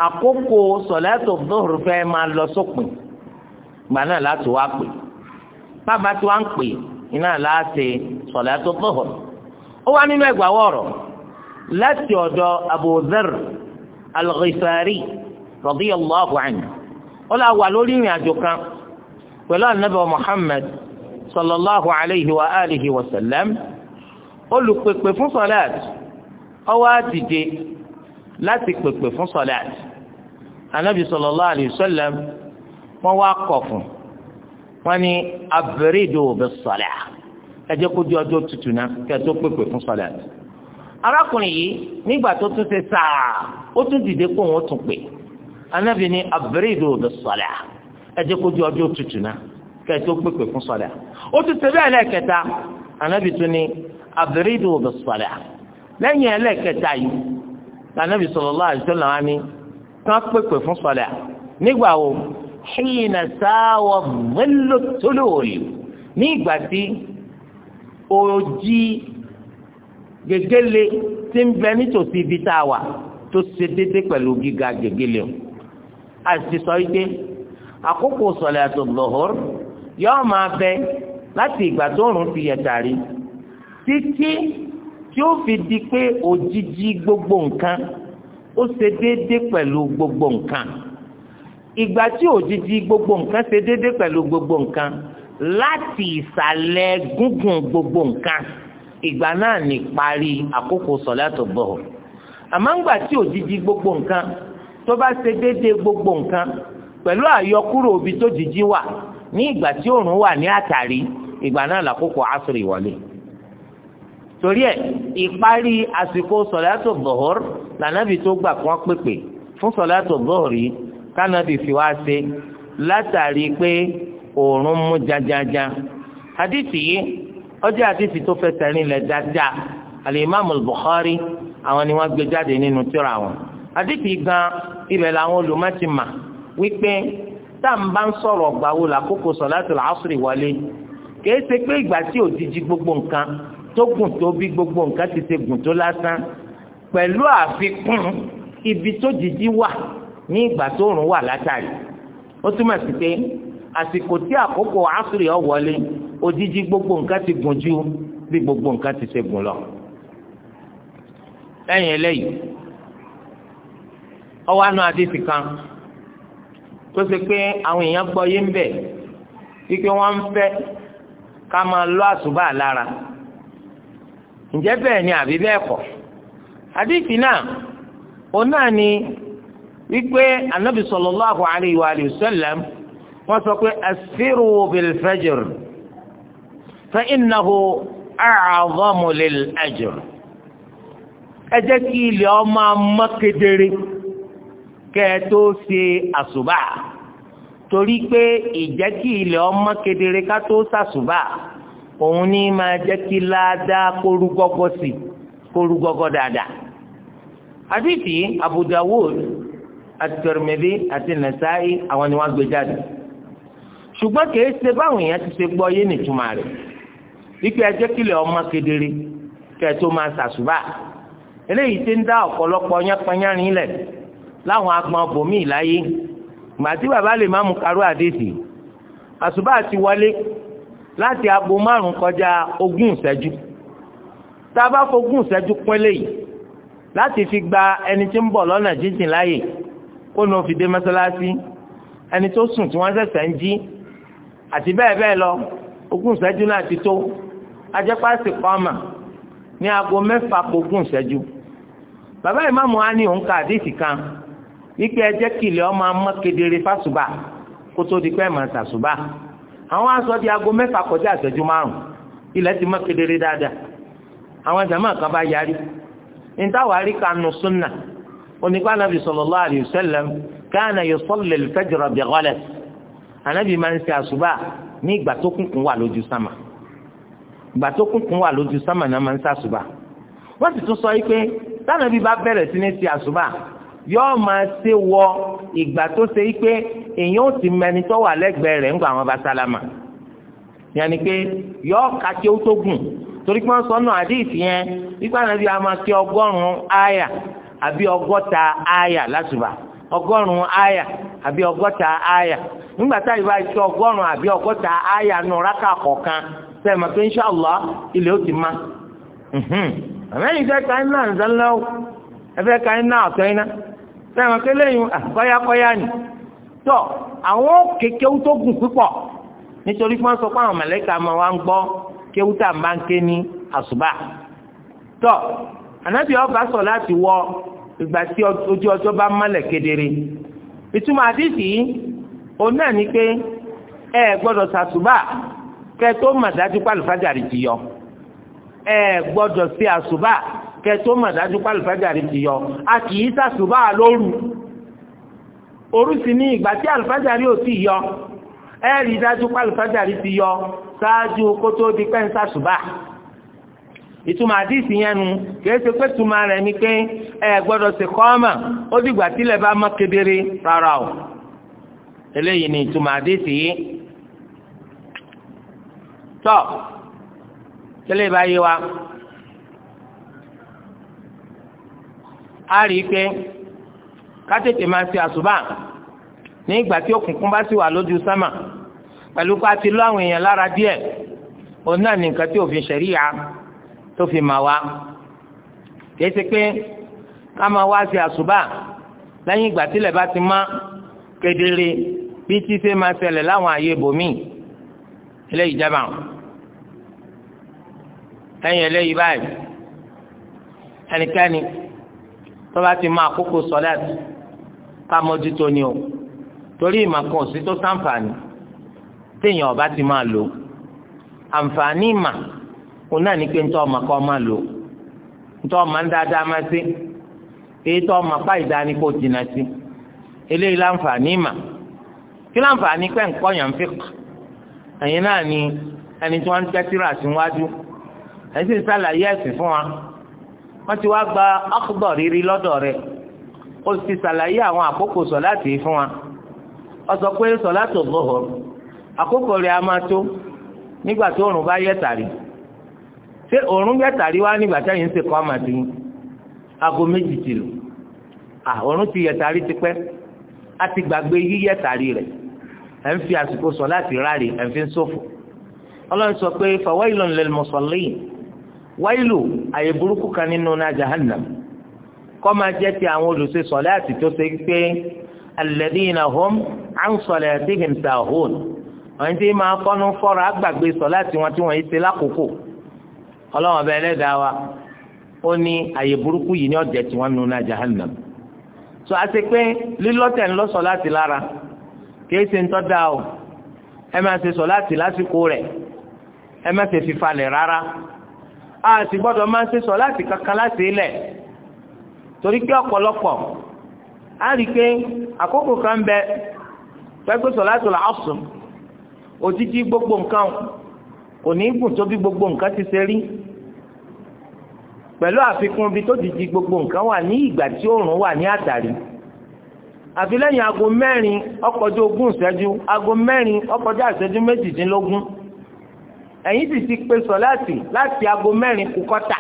àkókò sọ̀lẹ́tò dóhùrù fẹ́ máa lọ sópin gbà náà láti wá pè bàbá tí wá ń pè iná láti sọ̀lẹ́tò dóhùrù ó wá nínú ẹgbàá wọ̀rọ̀ láti ọ̀dọ̀ Abu Dharr al-Ghifari radiyallahu anhu ó là wà lórí ìrìn àjò kan pẹ̀lú ànábì Muhammad sallallahu alayhi wa alihi wa sallam olùpèpè fún sọ̀lẹ́tì ó wá láti pèpè fún sọ̀lẹ́tì anabi sallallahu alayhi wa sallam wọ́n wá kọ̀ fún wọ́n ní abiridu bis salah ẹ jẹ́ kó di ọjọ́ tutù náà kẹ́ tó pèpè fún salat arákùnrin yìí nígbà tó tún ṣe sáà ó tún dìde kó wọn tún pè anabi ní abiridu bis salah ẹ jẹ́ kó di ọjọ́ tutù náà kẹ́ tó pèpè fún salat ó tún ṣe bẹ́ẹ̀ lẹ́ẹ̀kẹta anabi tún ní abiridu bis salah lẹ́yìn ẹlẹ́ẹ̀kẹta yìí anabi sallallahu alayhi wa sallam kan pèpè fún sọlá nígbà wo ṣìnà sáwọ mélòó tó lóòrè ní ìgbà tí òjì gègéle ti ń bẹ nítòsí ibi tá a wà tó ṣe déédéé pẹ̀lú gíga gègéle o a sọ wípé àkókò sọlá tó lọ́hùr yóò máa bẹ láti ìgbà tó rùn ti yẹ tàrí títí tí ó fi di pé òjijì gbogbo nǹkan ó ṣe déédé pẹ̀lú gbogbo nǹkan ìgbà tí òjijì gbogbo nǹkan ṣe déédé pẹ̀lú gbogbo nǹkan láti ìsàlẹ̀ gúngùn gbogbo nǹkan ìgbà náà ní parí àkókò sọ̀látò bọ̀ọ̀ àmọ́ ńgbà tí òjijì gbogbo nǹkan tó bá ṣe déédé gbogbo nǹkan pẹ̀lú àyọkúrò òbí tó jìjì wà ní ìgbà tí òòrùn wà ní àtàrí ìgbà náà làkókò àṣírí wọlé torí ẹ̀ ìparí àsìkò sọ̀látò bọ̀ọ̀rọ̀ lànàbì tó gbà kán pèpè fún sọ̀látò bọ́ọ̀rì kánàbì fi wá ṣe látàrí pé òòrùn mú jajaja hadisi yìí ọjọ́ hadisi tó fẹsẹ̀ rinlẹ̀ dáadáa alimami Bukhari àwọn ni wọ́n gbé jáde nínú tírà wọn hadisi gan ibẹ̀ làwọn olùmọ̀ ti mà wípé tá n bá ń sọ̀rọ̀ gbàwó làkókò sọ̀látò làásùrì wọlé kìí ṣe pé ìgbà tí òjijì gbogbo nǹkan tó gùn tó bí gbogbo nǹkan ti ṣe gùn tó lásán pẹ̀lú àfikún ibi tó dìdí wà ní ìgbà tó rùn wà látàrí ó túmọ̀ sí pé àsìkò tí àkókò àṣírí ọ wọlé òjijì gbogbo nǹkan ti gùn ju bí gbogbo nǹkan ti ṣe gùn lọ. lẹ́yìn eléyìí ọwọ́ àánú àdìsí kan tó ṣe pé àwọn èèyàn gbọ́ yé ń bẹ̀ wípé wọ́n ń fẹ́ ká máa lọ àṣùbà lára ǹjẹ́ bẹ́ẹ̀ ni àbí bẹ́ẹ̀ kọ́? hadithi náà òun náà ni wípé anabi sallallahu alayhi wa sallam sọ pé asiru bil fa innahu a'zamu lil ajr ẹ jẹ́ kí ilẹ̀ ọmọ mọ́ kedere ṣe àṣùbà torí pé ìjẹ́ kí ilẹ̀ ọmọ kedere ká ṣàṣùbà òun ní máa jẹ́ kí ládàá gọ́gọ́ àdìsí Abu Dawud àtìrìmẹ́bí àti nàṣáì àwọn ni wọ́n gbé jáde ṣùgbọ́n kìí ṣe báwọn èèyàn ti ṣe gbọ́ yé nìtumọ̀ rẹ̀ wípé ẹ jẹ́ kílẹ̀ ọmọ kedere kẹ́ ẹ tó máa ṣàṣùbà eléyìí ti ń dá ọ̀pọ̀lọpọ̀ yánpọnyánrin lẹ̀ láwọn agbọn bòmíì láyé gbàtí bàbá lè má mú karú àdìsí àṣùbà ti wọlé láti aago márùn kọjá ogún ìṣẹ́jú tá a bá fogún ìṣẹ́jú pẹ́lẹ́ yìí láti fi gba ẹni tí ń bọ̀ lọ́nà jíjìn láàyè kó ní o fi dé mọ́sálásí ẹni tó sùn tí wọ́n ṣẹ̀ṣẹ̀ ń jí àti bẹ́ẹ̀ bẹ́ẹ̀ lọ ogún ìṣẹ́jú náà ti tó ajẹ́pàṣẹ kọ́mà ní aago mẹ́fà ogún ìṣẹ́jú bàbá ìmáàmù wa ní òun ka àdéhìí kan wípé ẹ jẹ́ kí ilẹ̀ ọmọ amọ́ kedere fásùbà kó tó di pé ẹ̀ máa àwọn aṣọ di aago mẹ́fà kọjá ìṣẹ́jú márùn ilẹ̀ ti mọ́ kedere dáadáa àwọn jàmáà kan bá yarí ntàwárí kanu súnà onípa anabi sallallahu alayhi wa sallam kana yusalli al-fajr bi ghalas anabi máa ń ṣe àṣùbà ní ìgbà tó kúnkún wà lójú sámà ìgbà tó kúnkún wà lójú sámà náà máa ń ṣàṣùbà wọ́n sì tún sọ yìí pé tànàbí bá bẹ̀rẹ̀ sí ní ṣe àṣùbà yóò máa ṣe wọ ìgbà tó ṣe yìí pé èèyàn ò ti mẹni tó wà lẹ́gbẹ̀ẹ́ rẹ̀ ńgbà wọn bá sálámà yẹn ni pé yóò ka kí ó tó gùn torí pé wọ́n sọ náà àdéhìtì yẹn wípé a máa kí ọgọ́rùn-ún àyà àbí ọgọ́ta àyà lásùbà ọgọ́rùn-ún àyà àbí ọgọ́ta àyà nígbà tá ọgọ́rùn-ún àbí ọgọ́ta àyà nù rákà kan sẹ́yìn mọ̀ pé inṣàlá ilẹ̀ ó ti má àmẹ́yìn fẹ́ ka o ka iná ọ̀tọ́ iná sẹ́yìn mọ̀ pé lẹ́yìn ni tọ́ àwọn kékeré tó gùn kéwútà máa ń ké ní àṣùbà tọ́ ànábì ọba sọ láti wọ ìgbà tí ojú ọjọ́ bá mọ́lẹ̀ kedere ìtumọ̀ àdìsí yìí òun náà ni pé ẹ gbọ́dọ̀ ṣàṣùbà kẹ́ tó mọ̀ dájú pàlùfájàrí ti yọ ẹ gbọ́dọ̀ sí àṣùbà kẹ́ tó mọ̀ dájú pàlùfájàrí ti yọ a kì í ṣàṣùbà lóru òru sì ìgbà tí àlùfájàrí ò ti yọ ẹ rí dájú pálùfájàrí ti yọ ṣáájú kó tó di pẹ́ńsà ṣùbà ìtumọ̀ àdìsí yẹn nu kìí ṣe pé tuma rẹ̀ ni pé ẹ gbọ́dọ̀ ṣe kọ́ọ̀mà ó dìgbà tílẹ̀ bá mọ́ kedere rárá o eléyìí ni ìtumọ̀ àdìsí yìí tọ́ tẹ́lẹ̀ bá yé wa a rí i pé ká tètè máa ṣe àṣùbà ní ìgbà tí òkùnkùn bá sì wà lójú sámà pẹ̀lú pé a ti lọ àwọn èèyàn lára díẹ̀ òun náà ní nǹkan tí òfin ṣẹ̀ríyà tó fi mà wá kìí ṣe pé ká máa wá sí àṣùbà lẹ́yìn ìgbà tílẹ̀ bá ti má kedere bí tí ṣe máa ṣẹlẹ̀ láwọn àyè ibòmíì eléyìí jábà lẹ́yìn eléyìí báyìí ẹnikẹ́ni tó bá ti máa kókó sọ́lẹ́t ká mójútó ni o torí ìmàkọ òsì tó sàǹfààní téèyàn ọba ti máa lò àǹfààní ìmà òun náà ní pé ntọ́ ọmọ kọ́ máa lò ntọ́ ọmọ ń dáadáa máa sí èyí tọ́ ọmọ apá ìdání kò jìnnà sí eléyìí láǹfààní ìmà kí láǹfààní pé nǹkan yàn fi kù ẹ̀yin náà ni ẹni tí wọ́n ń tẹ́tíra síwájú ẹ̀yin sì sàlàyé ẹ̀sìn fún wa wọ́n ti wá gba akhbar rírí lọ́dọ̀ rẹ̀ ó sì sàlàyé àwọn àkókò sọ̀ láti fún wa ọsọ pé sọ̀látò zuhur àkókò rẹ̀ a máa tó nígbà tó òrùn bá yẹ̀ tàrí ṣé òrùn yẹ̀ tàrí wá nígbà táyìn ń ṣe kọ́ àmà tí aago méjì ti lò à òrùn ti yẹ̀ tàrí ti pẹ́ a ti gbàgbé yíyẹ̀ tàrí rẹ̀ ẹ̀ ń fi àsìkò sọ̀láàtì ráre ẹ̀ ń fi ń ṣòfò ọlọ́run sọ pé fawailun lil musallin wáìlù àyè burúkú kan nínú náà jahannam kọ́ máa jẹ́ ti àwọn olùṣe sọ̀láàtì tó ṣe pé alladhina hum an salatihim sahun wọ́n ti máa kọ́nu fọ́ra àgbàgbé sọ̀láàtì wọn tí wọ́n yìí ṣe lákòókò ọlọ́wọ́n bẹ́ẹ̀ lẹ́dàá wa ó ní àyè burúkú yìí ní ọ̀jẹ̀ tí wọ́n nu náà jahannam so àti pé lílọ́tẹ̀ ń lọ sọ̀láàtì lára kìí ṣe ń tọ́ da o ẹ máa ṣe sọ̀láàtì lásìkò rẹ̀ ẹ má ṣe fìfalẹ̀ rárá a sì gbọ́dọ̀ máa ṣe sọ̀láàtì kankan láti ilẹ̀ torí pé ọ̀pọ̀lọpọ̀ a rí pé àkókò kan bẹ pẹ́pẹ́ sọ̀látùl asr òtítí gbogbo nǹkan kò ní gùn tó bí gbogbo nǹkan ti ṣe rí pẹ̀lú àfikún bí tó ti di gbogbo nǹkan wà ní ìgbà tí oòrùn wà ní àtàrí àfi lẹ́yìn aago mẹ́rin ọkọ̀jọ́ ogún ìṣẹ́jú aago mẹ́rin ọkọ̀jọ́ ìṣẹ́jú méjìdínlógún ẹ̀yin sì ti pe sọ̀láàtì láti aago mẹ́rin kù kọ́tà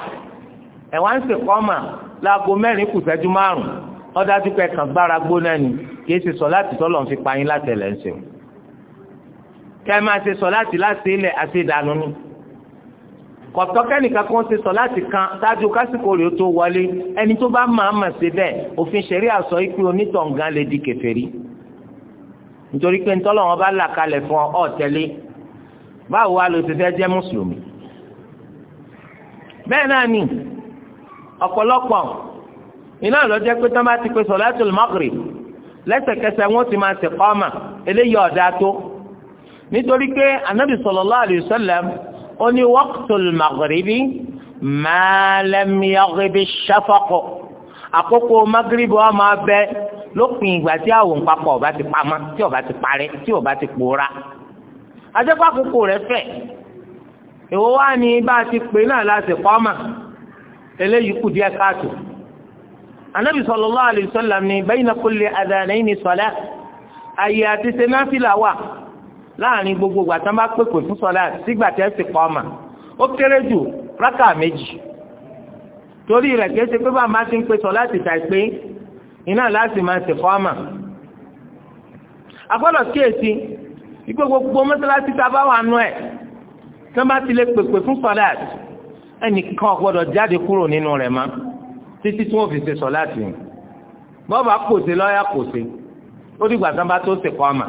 ẹ̀ wá ń ṣèkọ́mà láago mẹ́rin kù ìṣẹ́jú márùn-ún ọdọ àtúkọ ẹkàn gbára gbóná ni kì í ṣe sọ láti tọ́lọ̀ ń fi payín látẹ̀lẹ̀ ń ṣe o kẹ́ ẹ máa ṣe sọ láti láti ilẹ̀ àti ìdánù ni kọ̀tọ́ kẹ́nìkan kan ṣe sọ láti kan ṣáájú kásìkò rèé tó wọlé ẹni tó bá máa mà ṣe bẹ́ẹ̀ òfin ṣẹ̀rí àṣọ ikú onítọ̀ǹgán lè di kèfèrí nítorí pé ntọ́lọ́ wọn bá là kalẹ̀ fún ọ tẹ́lẹ̀ báwo wá ló ti fẹ́ jẹ́ mùsùlùmí bẹ́ẹ̀ náà ni ọ̀pọ̀lọpọ̀ iná lọ́jọ́ pé tán bá ti pe sọ̀láàtùl Maghrib lẹ́sẹ̀kẹsẹ̀ wọn ti máa ṣèkámà eléyìí ọ̀dà tó nítorí pé anábì sallallahu alayhi wa sallam ó ní waqtul Maghribi ma lam yaghribi shafaq àkókò Maghribi wọn máa bẹ lópin ìgbà tí àwọn papọ̀ ọba ti pamọ́ tí ọba ti parẹ́ tí ọba ti pòórá adékọ́ àkókò rẹ̀ fẹ̀ èwo wá ní bá a ti pè náà láti kọ́ mà eléyìí kù díẹ̀ káàtó anabi sallallahu alayhi wa sallam ni bayna kulli adhanayni salat ayé àti ṣe náfìlà wà láàrin gbogbo ìgbà tán bá pèpè fún salat sígbà tẹ́ sì pa ọmọ ó kéré jù rákà méjì torí rẹ̀ kìí ṣe pé bá a máa ti ń pe salat ìta ìpè iná láti máa sì kọ́ ọmọ agbọ́dọ̀ kíyèsí ikú gbogbo mọ́sálásí tá a bá wà nú ẹ̀ tí bá ti lè pèpè fún salat ẹnìkan ò jáde kúrò nínú rẹ̀ máa títí tí wọ́n fi ṣe sọ láti yìn bọ́ọ̀bà kòsè lọ́ọ̀yà kòsè ó dìgbà tán bá tó ṣe kọ́ àmà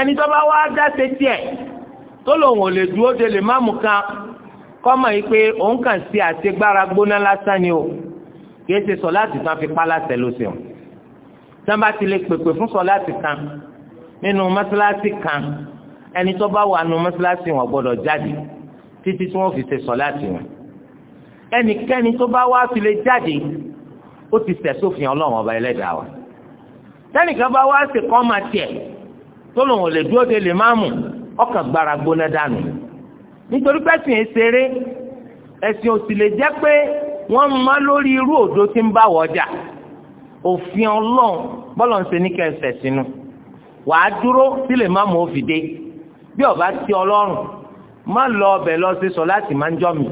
ẹni tó bá wá dá ṣe tiẹ̀ tó lòun ò lè dúró de lè má mú kan kọ́mọ̀ yìí pé òun kàn ṣe àṣegbára gbóná lásán ni o kìí ṣe sọ láti tán fi pa láṣẹ ló ṣeun tí ti lè pèpè fún sọ láti kan nínú mọ́ṣáláṣí kan ẹni tó bá wà nínú mọ́ṣáláṣí wọn gbọ́dọ̀ jáde títí tí wọ́n fi ṣe sọ láti wọn ẹnikẹ́ni tó bá wá fi lè jáde ó ti ṣẹ̀sófin ọlọ́run ọba ẹlẹ́dàá wa tẹ́nìkan bá wá sí kọ́ máa tiẹ̀ tó lòun ò lè dúró de lè máàmù ọkàn gbára gbóná dànù nítorí pẹ́sìn ìṣeré ẹ̀sìn òsì lè jẹ́ pé wọ́n má lórí irú òdo tí ń bá wọ́jà òfin ọlọ́run bọ́lọ̀ ń ṣe ní kẹsẹ̀ sínú wàá dúró tí lè máàmù ó bí ọba ti ọlọ́run má lọ ọbẹ̀ lọ sí sọ láti máa ń jọ́ mi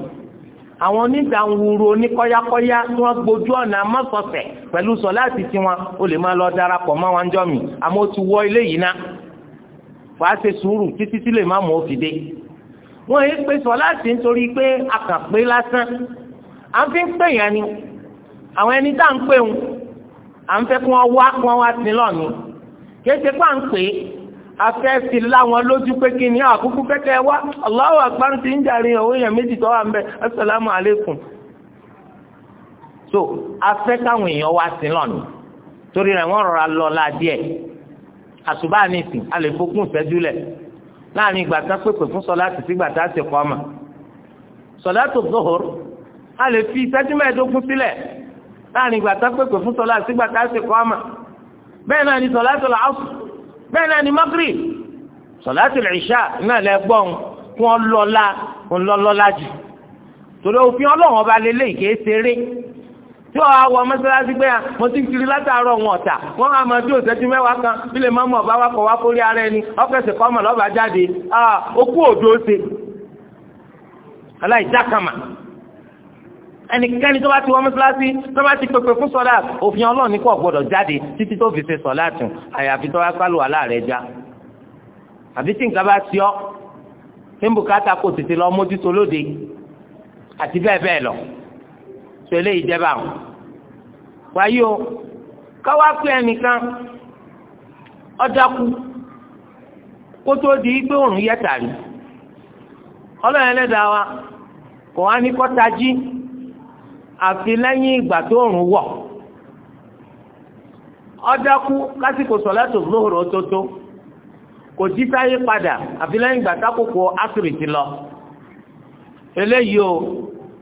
àwọn onídàáwúru oníkọ́yákọ́yá tí wọ́n gbójú ọ̀nà amásọ̀sẹ̀ pẹ̀lú sọ láti tiwọn o lè máa lọ darapọ̀ mọ́ wọn jọ mi àmọ́ ó ti wọ ilé yìí ná wàá ṣe sùúrù títí tí lè má mú òfin dé wọn yìí pé sọ láti nítorí pé àkànpé lásán à ń fi ń pè yẹn ni àwọn ẹni tá à ń pè wọn à ń fẹ́ kí wọ́n wá kí wọ́n wá sí lọ́ọ̀ni kí é ṣe pé à ń pè é afẹ́ fi láwọn lójú pé kí ni àkúkú ah, kẹ́kẹ́ wá Allahu Akbar ti ń jàrí àwọn èèyàn méjì tó ń bẹ assalamu alaikum so afẹ́ káwọn èèyàn wá sí lọ́nà torí rẹ̀ wọ́n rọra lọ ládìẹ̀ àṣùbá nìsín a lè fokún ìfẹ́jú lẹ̀ láàrin ìgbà tá pèpè fún sọláàtì sí ìgbà tá a ti kọ́ ọmọ sọláàtì zuhur a lè fi ìṣẹ́jú mẹ́ẹ̀ẹ́dógún sílẹ̀ láàrin ìgbà tá pèpè fún sọláàtì sí ìgbà tá ti kọ́ ọmọ bẹ́ẹ̀ náà ni sọláàtì al-asr bẹ́ẹ̀ náà ni Maghrib sọ̀láàtì ìṣá náà lẹ́gbọ́n wọn lọ́la wọn lọ́lọ́la jù torí òfin ọlọ́run ọba lélẹ́yìí kìí ṣeré tí ọ wọ mọ́sálásí pé mo ti ń kiri látàárọ̀ wọn ọ̀tà wọn máa mọ bí òṣèjú mẹ́wàá kan bí lè máa mọ̀ bá wà kọ̀ wá kórí ara ẹni ọ́fẹ̀sì kọ́mọ̀ lọ́ba jáde okú òdo ṣe aláìjákàmà ẹnikẹ́ni tó bá ti wọ́n mọ́sálásí tó bá ti pèpè fún sọ́lá òfin ọlọ́run ní kò gbọ́dọ̀ jáde títí tó fi ṣe sọ́lá tún àyàfi tó bá pálọ̀ wà láàrẹ̀ já àbí tí nǹkan bá ti ọ́ ní bùkátà kò tètè lọ mójútó lóde àti bẹ́ẹ̀ bẹ́ẹ̀ lọ tó eléyìí jẹba àwọn. wáyé o káwá pé ẹnìkan ọ̀dàkú kó tó di pé òrùn yẹ tàrí ọlọ́run ẹlẹ́dàá wa kò wá ní kọ́ta àfi lẹ́yìn ìgbà tó òrùn wọ̀ ọdákú lásìkò sọ̀látò lóhùrò tótó kò jí sáyé padà àfi lẹ́yìn ìgbà tákòkò ásìrì ti lọ eléyìí o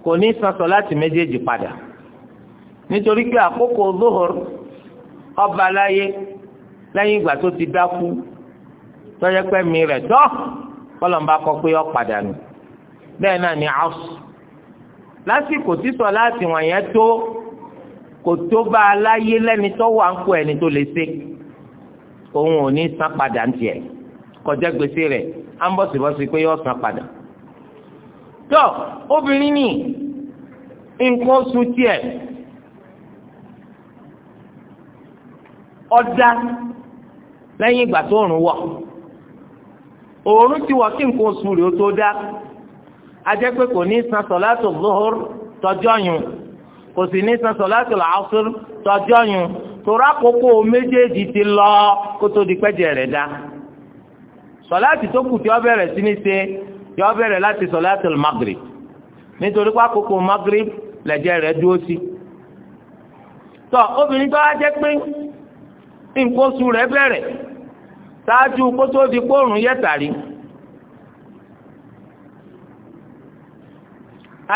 kò ní san sọ̀láàtì méjèèjì padà nítorí pé àkókò lóhùr ọba láyé lẹ́yìn ìgbà tó ti dákú tọ́jẹ́ pẹ́mi rẹ̀ tọ́ kọ́ pé padà nù bẹ́ẹ̀ ni áùsù. lásìkò títọ́ láti wọ̀nyẹn tó kò tó bá a láyé lẹ́ni tó wà ń kó ẹni tó lè ṣe òun ò ní san padà ń tiẹ̀ kọjá gbèsè rẹ̀ á ń bọ̀sibọ́sí pé yóò san padà. tó obìnrin ní nǹkan oṣù tiẹ̀ ọ̀dá lẹ́yìn ìgbà tó òòrùn wọ̀ òòrùn ti wọ̀ kí nǹkan oṣù rẹ̀ ó tó dá ajẹ́ pé kò ní san sọ̀látò lóhùr tọjọ́ yùn kò sì ní san sọ̀látò làásùr tọjọ́ yùn torá kókó méjèèjì ti lọ kó tó di pẹ́jẹ rẹ̀ dá sọ̀láàtì tó kù tí ó bẹ̀rẹ̀ sí ní ṣe yọ bẹ̀rẹ̀ láti sọ̀látò magrib nítorí pé àkókò magrib lẹ̀jẹ̀ rẹ̀ dúró sí tọ obìnrin tó wá pé nǹkan oṣù rẹ̀ bẹ̀rẹ̀ ṣáájú kó di kóòrùn yẹ̀tàrí.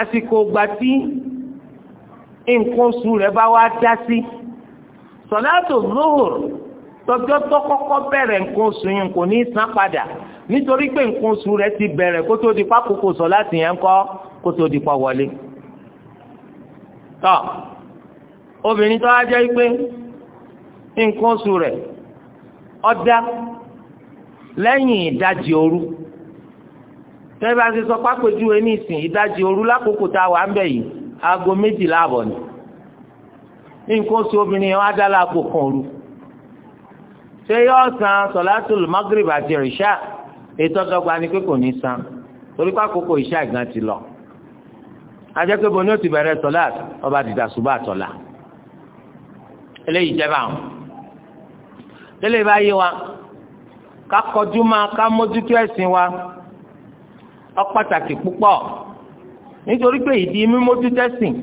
àsìkò ìgbà tí nǹkan oṣù rẹ̀ bá wá dá sí sọ̀láàtò lóhùr tọjọ́ tó kọ́kọ́ bẹ̀rẹ̀ nǹkan oṣù yẹn kò ní í san padà nítorí pé nǹkan oṣù rẹ̀ ti bẹ̀rẹ̀ kó tó di pákókò sọ̀láàtì yẹn kọ́ kó tó di pa wọlé. tọ́ obìnrin tó wá jẹ́ pé nǹkan oṣù rẹ̀ ó lẹ́yìn ìdajì òru tẹ́ bá ti sọ pápẹ́júwe ní ìsìn ìdajì òru lákòókò tá a wà ń bẹ̀ yìí aago méjìlá àbọ̀ ni nǹkan oṣù obìnrin yẹn wá dá láago kan òru ṣé yóò san sọ̀látùl magrib àti ìṣá ètò ọ̀dọ́gba ni pé kò ní san torí pákòókò ìṣá ìgbà ti lọ ajẹ́pẹ́ bo ni ó ti bẹ̀rẹ̀ sọ̀lá ọba dìda ṣùgbọ́n àtọ̀là eléyìí jẹba àwọn tẹ́lẹ̀ bá yé wa ká kọjú máa ká mójútó ẹ̀sìn wa ó púpọ̀ nítorí pé ìdí mímójú tẹ́sìn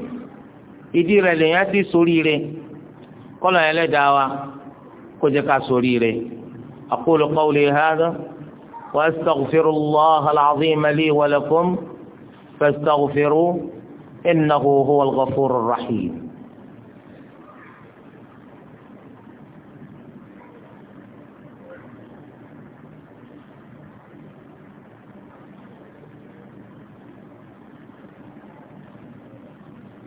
ìdí rẹ̀ lèyàn ti ṣoríire kọ́lọ̀ ẹlẹ́dàá wa kó jẹ́ ká ṣoríire. aqulu qawli hadha wa astaghfirullaha al-azima li wa lakum fastaghfiruhu innahu huwal ghafurur rahim.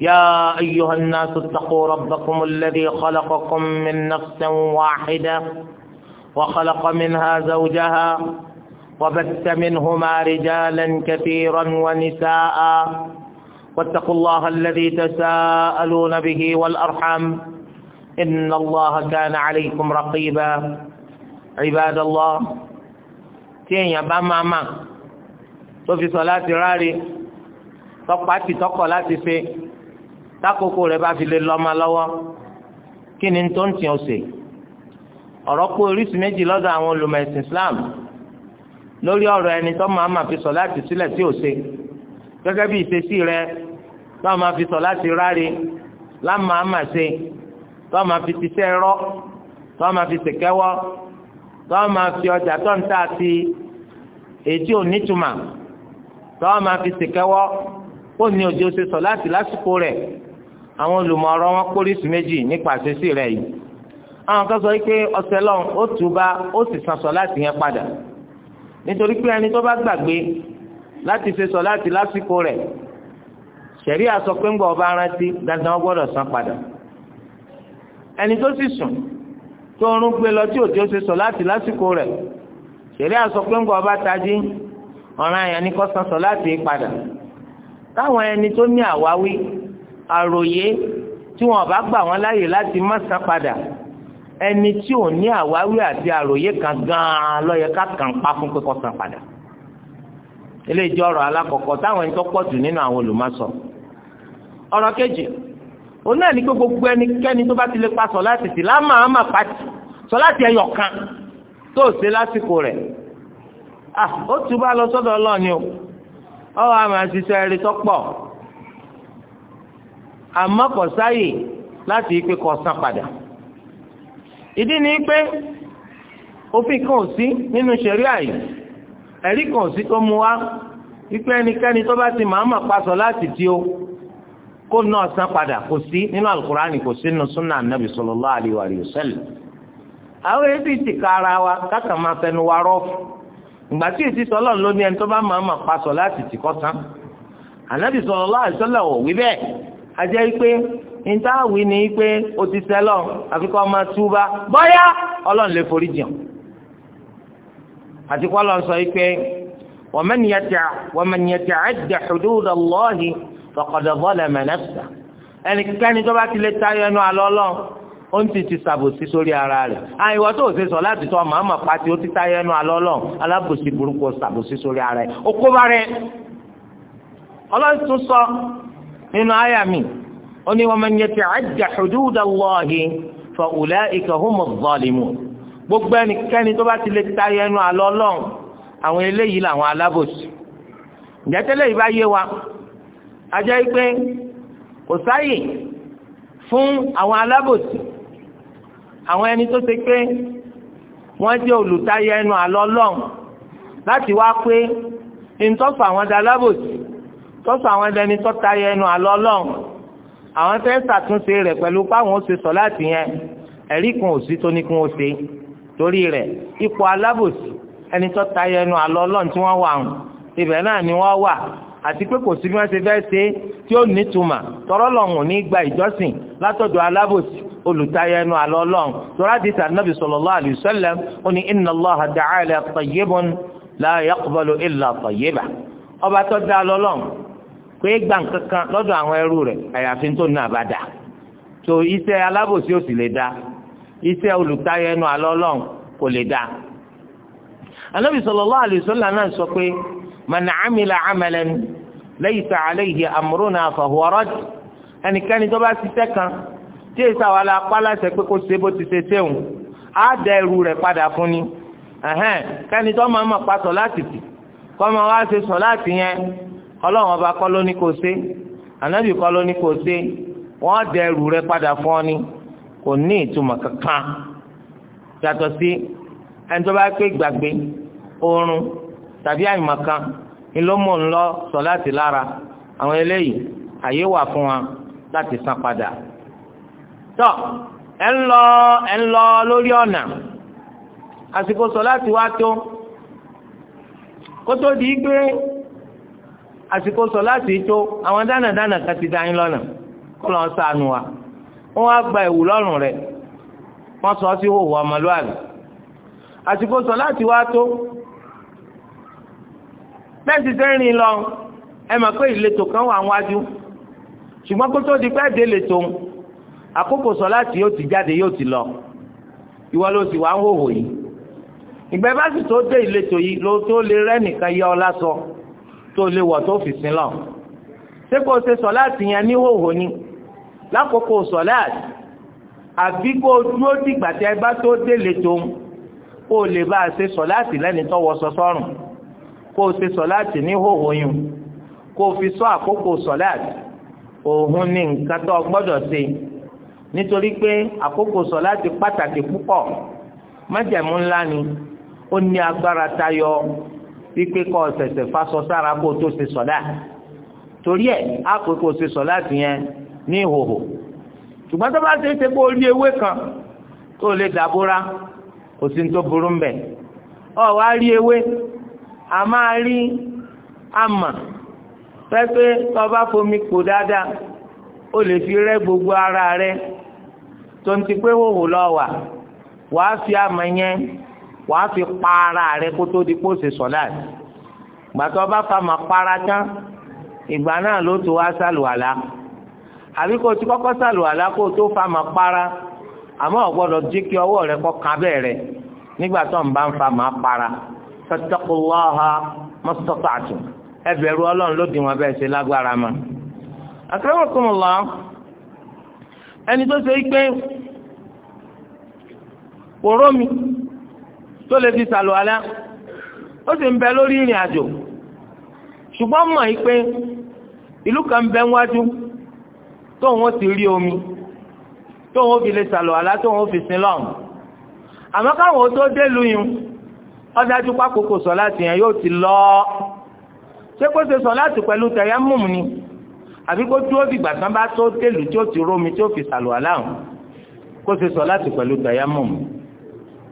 يا أيها الناس اتقوا ربكم الذي خلقكم من نفس واحدة وخلق منها زوجها وبث منهما رجالا كثيرا ونساء واتقوا الله الذي تساءلون به والأرحم إن الله كان عليكم رقيبا عباد الله تين يا ماما ما في صلاة راري تقوى تقوى في Takoko rẹ̀ bá fi lè lọ́mọ lọ́wọ́ kí ni tó ń tiẹ̀ ọ̀sè ọ̀rọ̀ pé oríṣi méjì lọ́dọ̀ àwọn olùmọ̀ ẹ̀sìn Islam lórí ọ̀rọ̀ ẹni tó máa ma fi sọ láti sílẹ̀ tí ò ṣe gẹ́gẹ́ bí ìṣesí rẹ̀ tó máa fi sọ láti ráre lámàá mà ṣe tó máa fi tiṣẹ́ rọ́ tó máa fi ṣèkẹ́wọ́ tó máa fi ọjà tó ń tà sí ètí onítùmá tó máa fi ṣèkẹ́wọ́ kó ní òjò ṣe sọ láti lásìkò rẹ̀ àwọn olùmọ̀ọ́rọ́ wọn pólísì méjì nípa àṣẹṣe rẹ̀ yìí àwọn kan sọ pé ọ̀sẹ̀ lọ́n ó túba ó sì san sọ láti yẹn padà nítorí pé ẹni tó bá gbàgbé láti ṣe sọ láti lásìkò rẹ̀ ṣẹ̀rí àsọ pé ń gbọ́ ọba arántí dandan wọn gbọ́dọ̀ san padà ẹni tó sì sùn tó ń gbé lọ tí òjò ṣe sọ láti lásìkò rẹ̀ ṣẹ̀rí àsọ pé ń gbọ́ ọba tají ọ̀ràn àyàn ni kò san sọ láti padà táwọn ẹni tó ní àwáwí àròyé tí wọn bá gbà wọn láàyè láti má san padà ẹni tí ò ní àwáwí àti àròyé kan gan-an ló yẹ ká kàn pa fún pé kó san padà eléjì ọ̀rọ̀ alákọ̀ọ́kọ́ táwọn ẹni tó pọ̀ jù nínú àwọn olùmọ̀sọ ọ̀rọ̀ kejì òun náà ní pé gbogbo ẹnikẹ́ni tó bá ti lè pa sọ láti tì lámàámà pàtì sọ láti ẹyọ kan tó o ṣe lásìkò rẹ̀ ah ó tún bá lọ sọ́dọ̀ ọlọ́ọ̀ni o ọ̀rọ̀ àmà ṣiṣẹ́ rí tọ́pọ̀ àmọ́ kò sáyè láti ipe kò san padà ìdí ni pé òfin kan ò sí nínú ṣẹ̀ríà yìí ẹ̀rí kan ò sí tó mú wá wípé ẹnikẹ́ni tó bá ti o kó náà san padà kò sí nínú alukurani kò sí nínú sunna anabi sallallahu A wa si àwọn ka ara wa káka máa fẹnu wa rọ́ọ̀fù ìgbà tí èsì sọlọ ló ní ẹni tó bá màmá láti kọ́ anabi àjẹ́ wípé ntaàwí ni wípé o ti sẹ́lọ̀ àfikún ọmọ túbá bọ́yá ọlọ́run lè forí jìn àti kọ́ lọ́n sọ wípé wa man yata wa man yata'adda hududallahi faqad zalama nafsahu ẹnikẹ́ni tó bá ti lè tayọ ẹnu àlọ́ ọlọ́run ó ń ti ti ṣàbòsí sórí ara rẹ̀ àìwọ́ tó ṣe sọ láti tọ́ màmá pati ó ti táyé ẹnu alọ́lọ́ alábòsí burúkú ṣàbòsí sórí ara rẹ̀ ó bá rẹ̀ ọlọ́run tún sọ nínú àyà mi ó ní waman yata'adda hududallahi fa ulaika humu zalimun gbogbo ẹnikẹ́ni tó bá ti lè tayọ ẹnu àlọ́ ọlọ́run àwọn eléyìí làwọn alábòsí ìjẹ́tẹ́lẹ̀ yìí bá yé wa ajẹ́ pé kò sáyè fún àwọn alábòsí àwọn ẹni tó ṣe pé wọ́n jẹ́ olùtayọ ẹnu àlọ́ ọlọ́run láti wá pé ntọ́fà àwọn dalábòsí tọ́sọ àwọn ẹni tó tayọ ẹnu àlọ́ ọlọ́run àwọn fẹ́ ṣàtúnṣe rẹ̀ pẹ̀lú páwọn ó ṣe sọ láti yẹn ẹ̀rí kan ò sí tó ní kún ó ṣe torí rẹ̀ ipò alábòsí ẹni tó tayọ ẹnu àlọ́ ọlọ́run tí wọ́n wà ń ibẹ̀ náà ni wọ́n wà àti pé kò sí bí wọ́n ṣe fẹ́ ṣe tí ó nítumọ̀ tọ́rọ́ lọ́hùn ní gba ìjọsìn látọ̀dọ̀ alábòsí olùtayọ ẹnu àlọ́ ọlọ́run tọ́rọ́ àdìsá nàbì sallallahu alaihi kò é gbà nǹkan kan lọ́dọ̀ àwọn ẹrú rẹ̀ àyàfi tó nà bá tó iṣẹ́ alábòsí ò sì lè da iṣẹ́ olùtayọ ẹnu àlọ́ ọlọ́run kò lè da. anábì sallallahu alaihi wasallam náà sọ pé man amila amalan laysa alayhi amruna fahuwa radd ẹnikẹ́ni tó bá ṣiṣẹ́ kan tí èsì àwọn alápáláṣẹ pé kó ṣe bó ti ṣe ṣéun á da ẹrù rẹ̀ padà fún ni kẹ́ni tó máa pa tì kọ́ máa wá ṣe yẹn ọlọ́run ọba kọ́ ló ní kó ṣe ànábì kọ́ ló ní kó ṣe wọ́n dẹ ẹrù rẹ padà fún ọ ni kò ní ìtumọ̀ kankan yàtọ̀ sí ẹni tó bá pé gbàgbé oorun tàbí àìmọ̀kan ni ló mọ̀ ń lọ sọ láti lára àwọn eléyìí àyè wà fún wa láti san padà. tọ́ ẹ ń lọ ẹ ń lọ lórí ọ̀nà àsìkò sọ láti wá tó kótó di gbé àsìkò sọ láti tó àwọn dánadáná kan ti dá yín lọ́nà kó lọ́n sànù wa wọ́n wá gba ìwù lọ́rùn rẹ̀ wọ́n sọ sí hòhò ọmọlúwàbí àsìkò sọ láti wá tó bẹ́ẹ̀ ti sẹ́rìn lọ ẹ mọ̀ pé ìletò kan wà wájú ṣùgbọ́n kó tó di pẹ́ dé lè tó àkókò sọ láti yóò ti jáde yóò ti lọ ìwọ ló sì wá ń hòhò yìí ìgbẹ́ bá sì tó dé ìletò yìí ló tó lè rẹ́ nìkan ọ lásọ. So tó lè wọ̀ tó fi sin lọ ṣé kó o ṣe sọ̀láàtì yẹn níhòòhò ni lákòókò sọ̀láàtì àbí kó o dúró dìgbà tí ẹ bá tó délé tó ń kó o lè bá a ṣe sọ̀láàtì lẹ́ni tó wọ sọ sọ́rùn kó o ṣe sọ̀láàtì níhòòhò yìí kó o fi sọ àkókò sọ̀láàtì òun ni nǹkan tó gbọ́dọ̀ ṣe nítorí pé àkókò sọ̀láàtì pàtàkì púpọ̀ májẹ̀mú ńlá ni ó ní agbára tayọ wípé kọ́ ọ̀sẹ̀sẹ̀ fásọ sára kó o tó ṣe sọ̀lá torí ẹ̀ á pè kó o ṣe sọ̀lá tìyẹn ní ìhòhò ṣùgbọ́n tó bá ṣe é ṣe kó o rí ewé kan tó o lè dàbóra kò sí ní tó burú mbẹ̀ ọ wá rí ewé a máa rí àmà pẹ́pẹ́ tó bá fomi kò dáadáa o lè fi rẹ́ gbogbo ara rẹ tó ń ti pé hòhò lọ wàá fi àmà yẹn wàá fi para rẹ kó tó di kó ṣe para tán ìgbà náà ló tó wá àbí kó o ti kọ́kọ́ sàlùwàlá kó o tó fa ma para àmọ́ ò jí kí ọwọ́ rẹ kọ́ kábẹ́ rẹ nígbà tó ń para fattaqullaha mastata'tum ebe ruo ọlọ́run ló di wọn bẹ́ẹ̀ ṣe lágbára ma. akramakumullah ẹni tó ṣe é pé tó lè fi sàlùwàlá ó sì ń bẹ lórí ìrìn àjò ṣùgbọ́n mọ̀ yìí pé ìlú kan bẹ wájú tóun ó ti rí omi tóun ó fi lè sàlùwàlá tóun ó fi sin lọ́hùn àmọ́ káwọn ó tó dé lóyún ọ̀dájú pákòkò sọ láti yẹn yóò ti lọ ṣé kó ṣe sọ láti pẹ̀lú tẹ̀yẹ́mùmù ni àbí kó dúró dìgbà tán bá tó délùú tí ó ti rómi tí ó fi sàlùwàlá hàn kó ṣe sọ láti pẹ̀lú tẹ̀yẹ́mùmù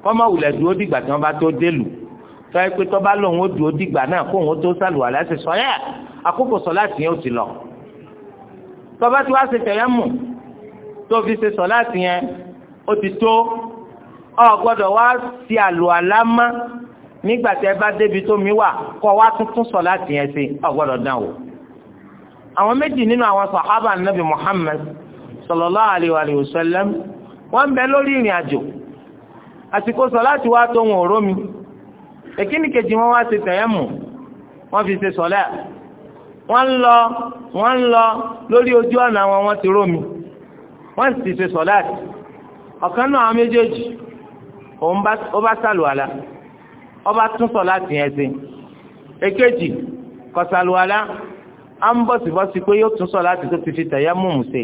kọ́mọ wulẹ̀ dúró dìgbà tí wọ́n bá tó délù tọ́yẹ pé tọ́ba lòun ó dúró dìgbà náà kó òun tó sàlùwà láti sọ yẹ àkókò sọ láti yẹn ó ti lọ tọ́ba tí wàá ṣe tẹ̀yẹ́ mù tó fi ṣe sọ láti yẹn ó ti tó ọ gbọ́dọ̀ wá ti àlùwà lámá nígbà tí ẹ bá débi tó mi wà kọ́ wá tuntun sọ láti yẹn ṣe ọ gbọ́dọ̀ dán o àwọn méjì nínú àwọn sàhábà nàbì Muhammad sallallahu alaihi wa sallam wọ́n bẹ lórí ìrìn àjò àsìkò sọ̀láàtì wá tó wọn òró mi èkíní kejì wọn wá ṣe tẹ̀yẹ́mù wọ́n fi ṣe sọ̀lá wọ́n ń lọ wọ́n ń lọ lórí ojú ọ̀nà wọn wọ́n ti ró mi wọ́n sì ṣe sọ̀láàtì ọ̀kan náà méjèèjì òun bá sàlùwàlà ọba tún sọ̀láàtì yẹn ṣe èkejì kò sàlùwàlà à ń bọ̀sibọ́sí pé yóò tún sọ̀láàtì tó ti fi tẹ̀yẹ́mù ṣe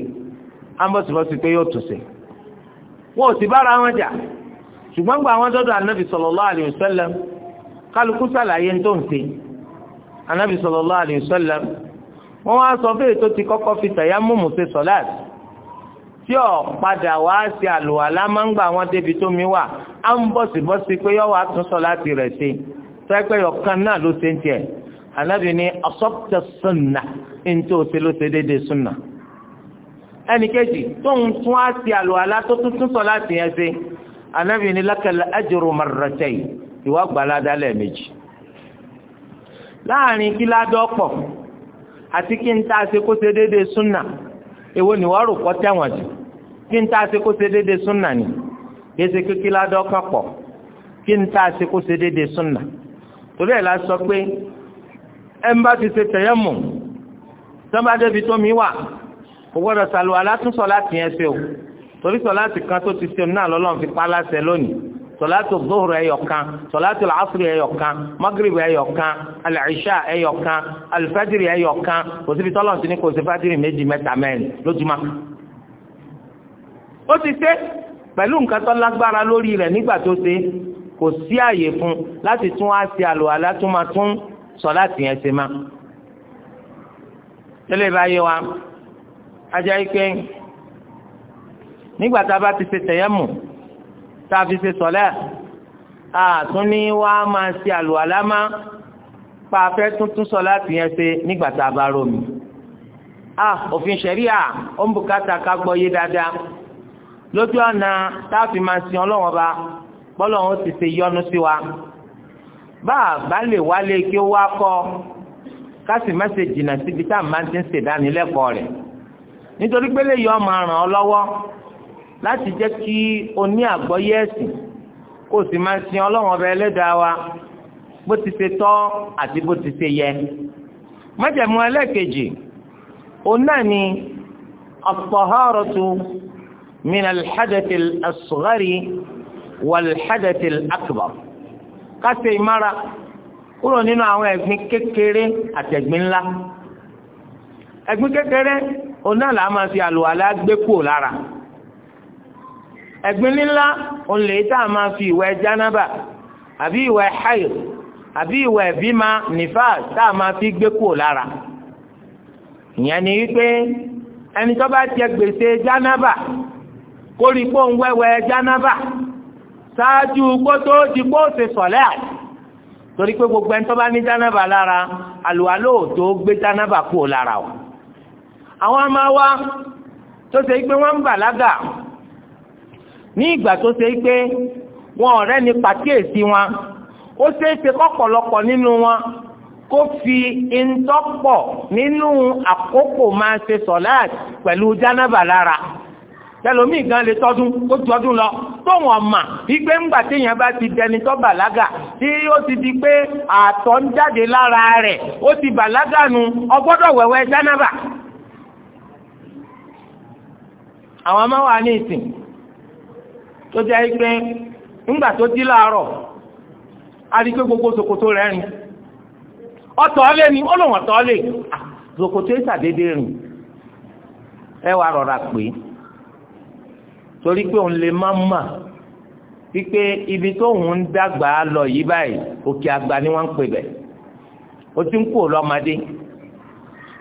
à ń bọ̀sibọ́sí pé yóò tún ṣe wọ́n ò sì bára wọn jà ṣùgbọ́n gba àwọn dọ́dọ̀ anabi sallallahu alayhi wa sallam kálukú sàlàyé ń tó ń ṣe anabi sallallahu alayhi wa sallam wọ́n wá sọ fún ètò ti kọ́kọ́ fi tẹ̀yà múmu ṣe sọ̀láàt tí ọ̀ padà wá ṣe àlùwàlá máa ń gba àwọn débi tó mi wà á ń bọ̀sibọ́sí pé yọ̀ wá tún sọ̀láàtì rẹ̀ ṣe tẹ́pẹ́ ọ̀kan náà ló ṣe ń tiẹ̀ anabi ni asọ́pítẹ̀ sunna ní tí o ṣe ló ṣe déédéé sunna ẹnìkejì tóun tún á ṣe àlùwàlá tó tún tún sọ̀láàtì yẹn ṣe anabi ní lákàlẹ ajru marratayn ìwọ gbalada lẹ́ẹ̀mejì láàrin kí ládọ́ pọ̀ àti kí n ta ṣe kó ṣe déédéé súnà èwo ni wàá rò kọ́ tẹ̀wọ̀n jù kí n ta ṣe kó ṣe déédéé súnà ni kí ṣe kí ládọ́ kan pọ̀ kí n ta ṣe kó ṣe déédéé súnà torí ẹ̀ la sọ pé ẹ ń bá ti ṣe tẹ̀yẹ́mù sọ́mbàdébi tó mi wà kò gbọ́dọ̀ sàlùwà látúnṣọ́ láti yẹn ṣe o torí sọláàtì kan tó ti ṣe náà lọ́lọ́run fi pa láṣẹ lónìí sọláàtì zuhur ẹyọkan sọláàtì asiri ẹyọkan magrib ẹyọkan alẹ́ṣà ẹyọkan alifajiri ẹyọkan òsibí tọ́lọ̀ ti ní kò sí fajiri méjì mẹ́ta mẹ́rin lójúmọ́. ó ti ṣe pẹ̀lú nǹkan tó lágbára lórí rẹ̀ nígbà tó ṣe kò sí àyè fún láti tún á ṣe àlùwàlá tó máa tún sọláàtì yẹn ṣe má. tẹ́lẹ̀ bá yé wa ajá ike nígbà tá a bá ti ṣe tẹ̀yẹ́mù tá a fi ṣe sọ̀lẹ́ àtún ní wá máa ṣe àlùwàlá má pa afẹ́ tuntun sọ láti yẹn ṣe nígbà tá a bá romi. a òfin ṣẹ̀ríà ó ń bùkátà ká gbọ́ yé dáadáa lójú ọ̀nà tá a fi máa sin ọlọ́wọ́n ọba bọ́lọ́wọ́n ti ṣe yọ́nú sí wa báàbá lè wálé kí ó wá kọ́ kásì mẹ́sẹ̀ jìnnà síbi tá a máa ti ń ṣèdánilẹ́kọ̀ọ́ rẹ̀ nítorí pé lè yọ ọmọ ràn ọ́ lọ́wọ́ láti jẹ́ kí o ní àgbọ́yé ẹ̀sìn kó o sì máa sin ọlọ́run ọba ẹlẹ́dàá wa bó ti ṣe tọ́ àti bó ti ṣe yẹ. májẹ̀mú ẹlẹ́ẹ̀kejì òun náà ni at-taharatu min al-hadath al-asghari wal-hadath al-akbar kásì ìmára kúrò nínú àwọn ẹ̀gbin kékeré àti ẹ̀gbin ńlá ẹ̀gbin kékeré òun náà làá máa fi àlùwàlá gbé kúrò ẹ̀gbin ńlá òun lè tá a máa fi ìwẹ̀ jánábà àbí ìwẹ̀ hayo àbí ìwẹ̀ bímá nífà tá a máa fi gbé kúrò lára ìyẹn ni wípé ẹni tó bá jẹ gbèsè jánábà kórìkó ń wẹ̀wẹ̀ jánábà ṣáájú kótó ti kó ṣe sọ̀lẹ́ àti torí pé gbogbo ẹni tó bá ní jánábà lára àlùwalò tó gbé jánábà kúrò lára o àwọn ọmọ wa tó ṣe pé wọ́n ń bàlágà ní ìgbà tó ṣe pé wọn ọ̀rẹ́ ní pàkíyèsí wọn ó ṣeéṣe kọ́pọ̀lọpọ̀ nínú wọn kó fi ntọ́pọ̀ nínú àkókò máa ṣe sọ̀láàtì pẹ̀lú jánábà lára tẹlomi gan le tọdún ó tọdún lọ tóun ọmọ ìgbé ńgbà téèyàn bá ti dẹni tó bàlágà tí ó ti di pé àtọ̀ ń jáde lára rẹ̀ ó ti bàlágà nu ọgbọ́dọ̀ wẹ̀wẹ̀ jánábà. àwọn ọmọ wa ní ìsìn tó jẹ́ pé ńgbà tó dí láàárọ̀ a rí pé gbogbo ṣòkòtò rẹ̀ rìn ọ̀tọ̀ lé ní olóhùn ọ̀tọ̀ lé ṣòkòtò ìṣàdédé rìn ẹ wàá rọra pé torí pé òun lè má mà wípé ibi tó ń dàgbà lọ yìí báyìí òkè àgbà ni wọ́n ń pè bẹ̀ ó ti ń kú lọ́mọdé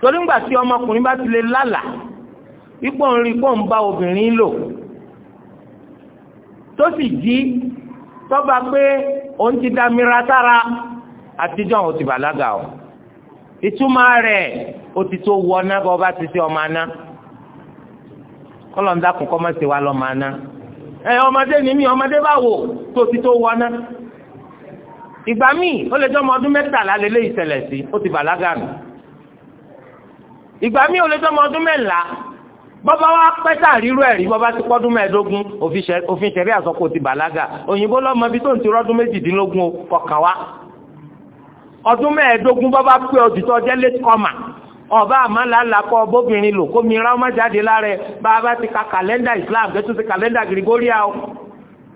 torí ńgbà tí ọmọkùnrin bá ti lè lálàá ipò ń rí ipò ń bá obìnrin lò tó sì jí tọ́ba pé òun ti da miratara sára àtijọ́ òun ti bàlágà o ìtumọ̀ rẹ̀ ó ti tó wọ ná bọ́ bá ti ṣe ọmọ aná kọ́lọ̀ ń dákun kọ́ mọ́ sí wa lọ́mọ aná ẹ ọmọdé ni mí ọmọdé bá wò tó ti tó wọ ná ìgbà míì ó lè jẹ́ ọmọ ọdún mẹ́tàlá lélẹ́yìí ṣẹlẹ̀ sí ó ti bàlágà nù ìgbà míì ó lè jẹ́ ọmọ ọdún mẹ́la bọ́bá wa pẹ́ sàrírú ẹ̀rí bọ́bá ti pọ́dún mẹ́ẹ̀ẹ́dógún òfin ṣẹ̀rí àsọkò ti bàlágà òyìnbó lọ́mọ bí tó ń ti rọ́dún méjìdínlógún ọkàn wa ọdún mẹ́ẹ̀ẹ́dógún bọ́bá pé òtítọ́ jẹ́ late comer ọba àmàlàlàkọ bóbìnrin lò kó mìíràn má jáde lára bàbá ti ka kàlẹ́ndà Islam gẹ́tù ti kàlẹ́ndà Gregoria o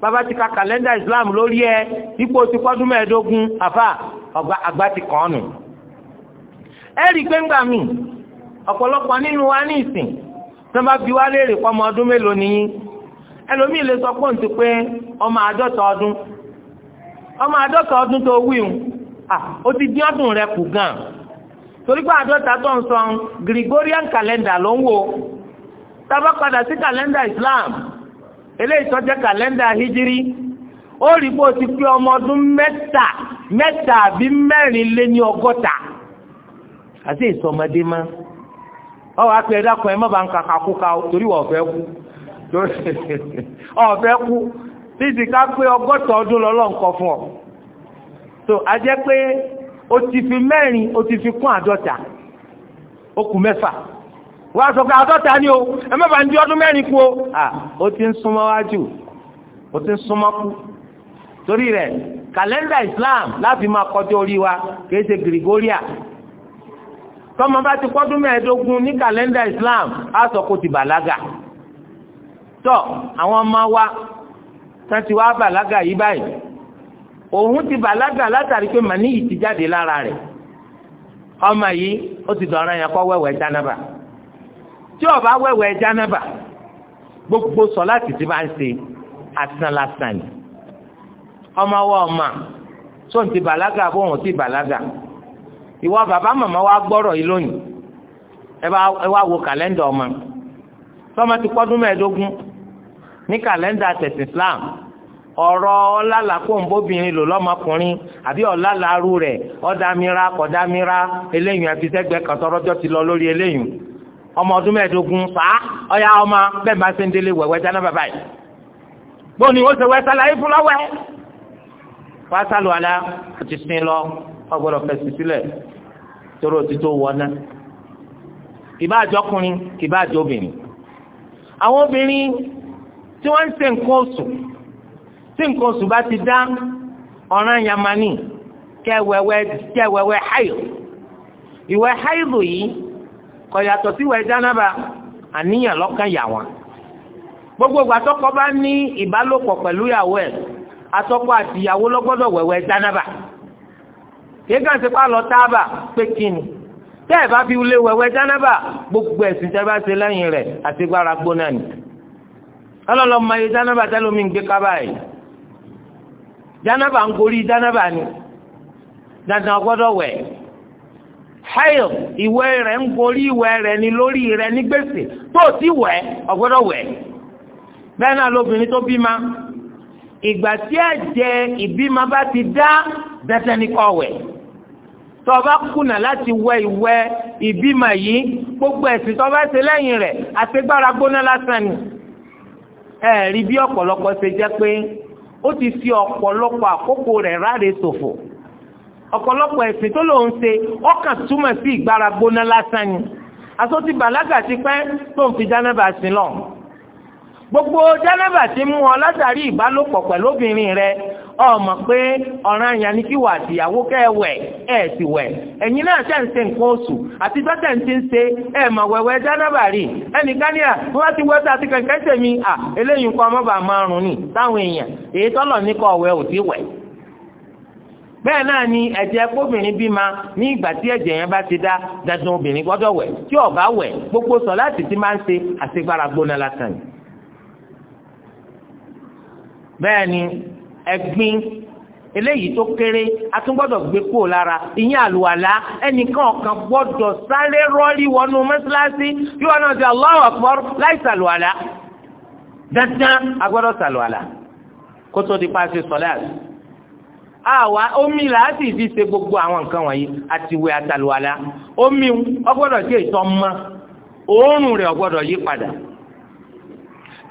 bàbá ti ka kàlẹ́ndà Islam lórí ẹ ipò ti pọ́dún mẹ́ẹ̀ẹ́dógún àfà àgbà ti kàn án nù ẹ̀rí gbẹ́ngbàmì ọ̀pọ̀lọpọ̀ nínú wa ní ìsìn tó bá bi wá léèrè pọ́ ọmọ ọdún mélòó ni yín ẹlòmíì lè sọ pé ọmọ àádọ́ta ọdún ọmọ àádọ́ta ọdún tó wíwù à ó ti dín rẹ kù gan torí pé àádọ́ta tó Gregorian calendar ló ń wò Islam eléyìí kalenda hijiri ó rí ti pé ọmọ ọdún mẹ́ta mẹ́ta àbí mẹ́rin ọwọ́ apẹ̀ ẹ̀dàkùn ẹ̀ mọ́bà ń kàkà kú ká torí ọ̀fẹ́ kú ọ̀fẹ́ kú títí ká pé ọgọ́ta ọdún fún ọ so a jẹ́ pé o ti fi mẹ́rin o ti fi kún okùn kù mẹ́fà wọ́n sọ pé àádọ́ta ni o ẹ ndị ń di ọdún kú o o ti ń wájú o ti ń súnmọ́ torí rẹ̀ kàlẹ́ndà Islam láti máa orí wa tọ́mọ bá ti pọ́dún mẹ́ẹ̀ẹ́dógún ní kàlẹ́ndà Islam á sọ kó ti bàlágà tọ́ àwọn ọmọ wa tán ti wá bàlágà yìí báyìí òun ti bàlágà látàrí pé màní yìí ti jáde lára rẹ̀ ọmọ yìí ó ti dọ̀rọ̀ yẹn kọ́ wẹ̀wẹ̀ jánábà tí ó bá wẹ̀wẹ̀ jánábà gbogbo sọ̀láàtì tí bá ń ṣe asán lásán ni ọmọ wa ọmọ tó ń ti bàlágà bó wọn ti bàlágà ìwọ bàbá màmá wa gbọ́rọ̀ yìí lóyìn ẹ bá ẹ wá wo kàlẹ́ndà ọmọ sọmọ ti pọ́dún mẹ́ẹ̀ẹ́dógún ní kàlẹ́ndà tẹ̀sìn Islam ọ̀rọ̀ ọ̀làlà kó ń bóbìnrin lò lọ́mọkùnrin àbí ọ̀làlà arú rẹ̀ ọ̀dàmíra kọ̀dàmíra eléyìn àti sẹ́gbẹ́ kan tọrọjọ́ ti lọ lórí eléyìn ọmọ ọdún mẹ́ẹ̀ẹ́dógún fà á ọ̀yà ọmọ bẹ́ẹ̀ máa ṣe ń délé wẹ̀wẹ́ dáná bàbá yìí gbóni ó ṣe wẹ́ sálàyé fún lọ́wẹ́ fásálù alá àti sin lọ ọgbọ́dọ̀ fẹ̀sì sílẹ̀ Toro ti tó wọná kìbá àjọkùnrin kìbá àjọbìnrin àwọn obìnrin tí wọ́n ń ṣe nǹkan oṣù tí nǹkan oṣù bá ti dá ọ̀ràn yamani kẹwẹwẹ kẹwẹwẹ hayo ìwẹ̀ hayo yìí kò yàtọ̀ sí ìwẹ̀ jánaba àníyàn lọ́kàn yà wọ́n gbogbo àtọkọ bá ní ìbálòpọ̀ pẹ̀lú ìyàwó ẹ̀ àtọkọ àtìyàwó ló gbọ́dọ̀ wẹ̀wẹ̀ jánaba kìí kàn sí pa lọ tábà pé kíni tẹ́ ẹ̀ bá fi wúlé wẹ̀wẹ́ jánábà gbogbo ẹ̀sìn tẹ́ bá ṣe lẹ́yìn rẹ̀ àti gbára gbóná ni ọlọ́lọ́ mọ iye jánábà tẹ́lómi ń gbé kábà yìí jánábà ń gorí jánábà ni dandan gbọ́dọ̀ wẹ̀ hayo ìwẹ̀ rẹ̀ ń gorí ìwẹ̀ rẹ̀ ni lórí rẹ̀ ní gbèsè tó o ti wẹ̀ ọ̀gbọ́dọ̀ wẹ̀ bẹ́ẹ̀ náà lóbìnrin tó bímá ìgbà tí ẹ̀jẹ̀ ìbímọ bá ti dá dandan ni kó wẹ̀ tọba kùnà láti wẹ ìwẹ̀ ìbímọ yìí gbogbo ẹ̀sìn tọba ṣe lẹ́yìn rẹ̀ àtẹgbára gbóná lásán ni ẹ rí bí ọ̀pọ̀lọpọ̀ ṣe jẹ́ pé ó ti fi ọ̀pọ̀lọpọ̀ àkókò rẹ̀ ráre ṣòfò ọ̀pọ̀lọpọ̀ ẹ̀sìn tó lòun ṣe ọkàn túmọ̀ sí ìgbára gbóná lásán ni àsọtí bàlágà ti pẹ́ tó ń fi jánábà sí lọ gbogbo jánábà ti mú ọ látàrí ìbálòpọ̀ pẹ̀lú obìnrin rẹ̀ ọmọ pé ọ̀ràn àyàn ni kí wà àtìyàwó kẹ́ ẹ wẹ̀ ẹ ti wẹ̀ ẹ̀yin náà tẹ̀ ń ṣe nǹkan oṣù àti tọ́tẹ̀ ń ti ń ṣe ẹ mọ̀ wẹ̀wẹ̀ jánábàárì ẹnìkan ní à wọ́n bá ti wẹ́ sí àti kẹ̀kẹ́ tèmi à eléyìí nǹkan ọmọbà márùn-ún ni táwọn èèyàn èyí tọ́lọ̀ ní kọ̀ wẹ̀ ò ti wẹ̀ bẹ́ẹ̀ náà ni ẹ̀jẹ̀ kóbìnrin bímọ ní ìgbà tí ẹ̀jẹ̀ yẹn bá ti dá dandan obìnrin gbọ́dọ̀ wẹ̀ tí ó bá wẹ̀ gbogbo sọ láti ti máa ń ṣe àṣegbára gbóná lásán bẹ́ẹ̀ ni ẹ̀gbin eléyìí tó kéré a tún gbọ́dọ̀ gbé kúrò lára ìyẹn àlùwàlá ẹnìkan kan gbọ́dọ̀ sáré rọ́ọ̀lì wọnú mọ́ṣáláṣí bí wọn náà ti Allahu Akbar láì sàlùwàlá dandan a gbọ́dọ̀ sàlùwàlá kótó di paṣẹ sọláàtì àwa omi là á sì fi ṣe gbogbo àwọn nǹkan wọ̀nyí àti ìwé àtàlùwàlà omi ọgbọ́dọ̀ ṣe ìtọ́ mọ́ òórùn rẹ̀ ọgbọ́dọ̀ yí padà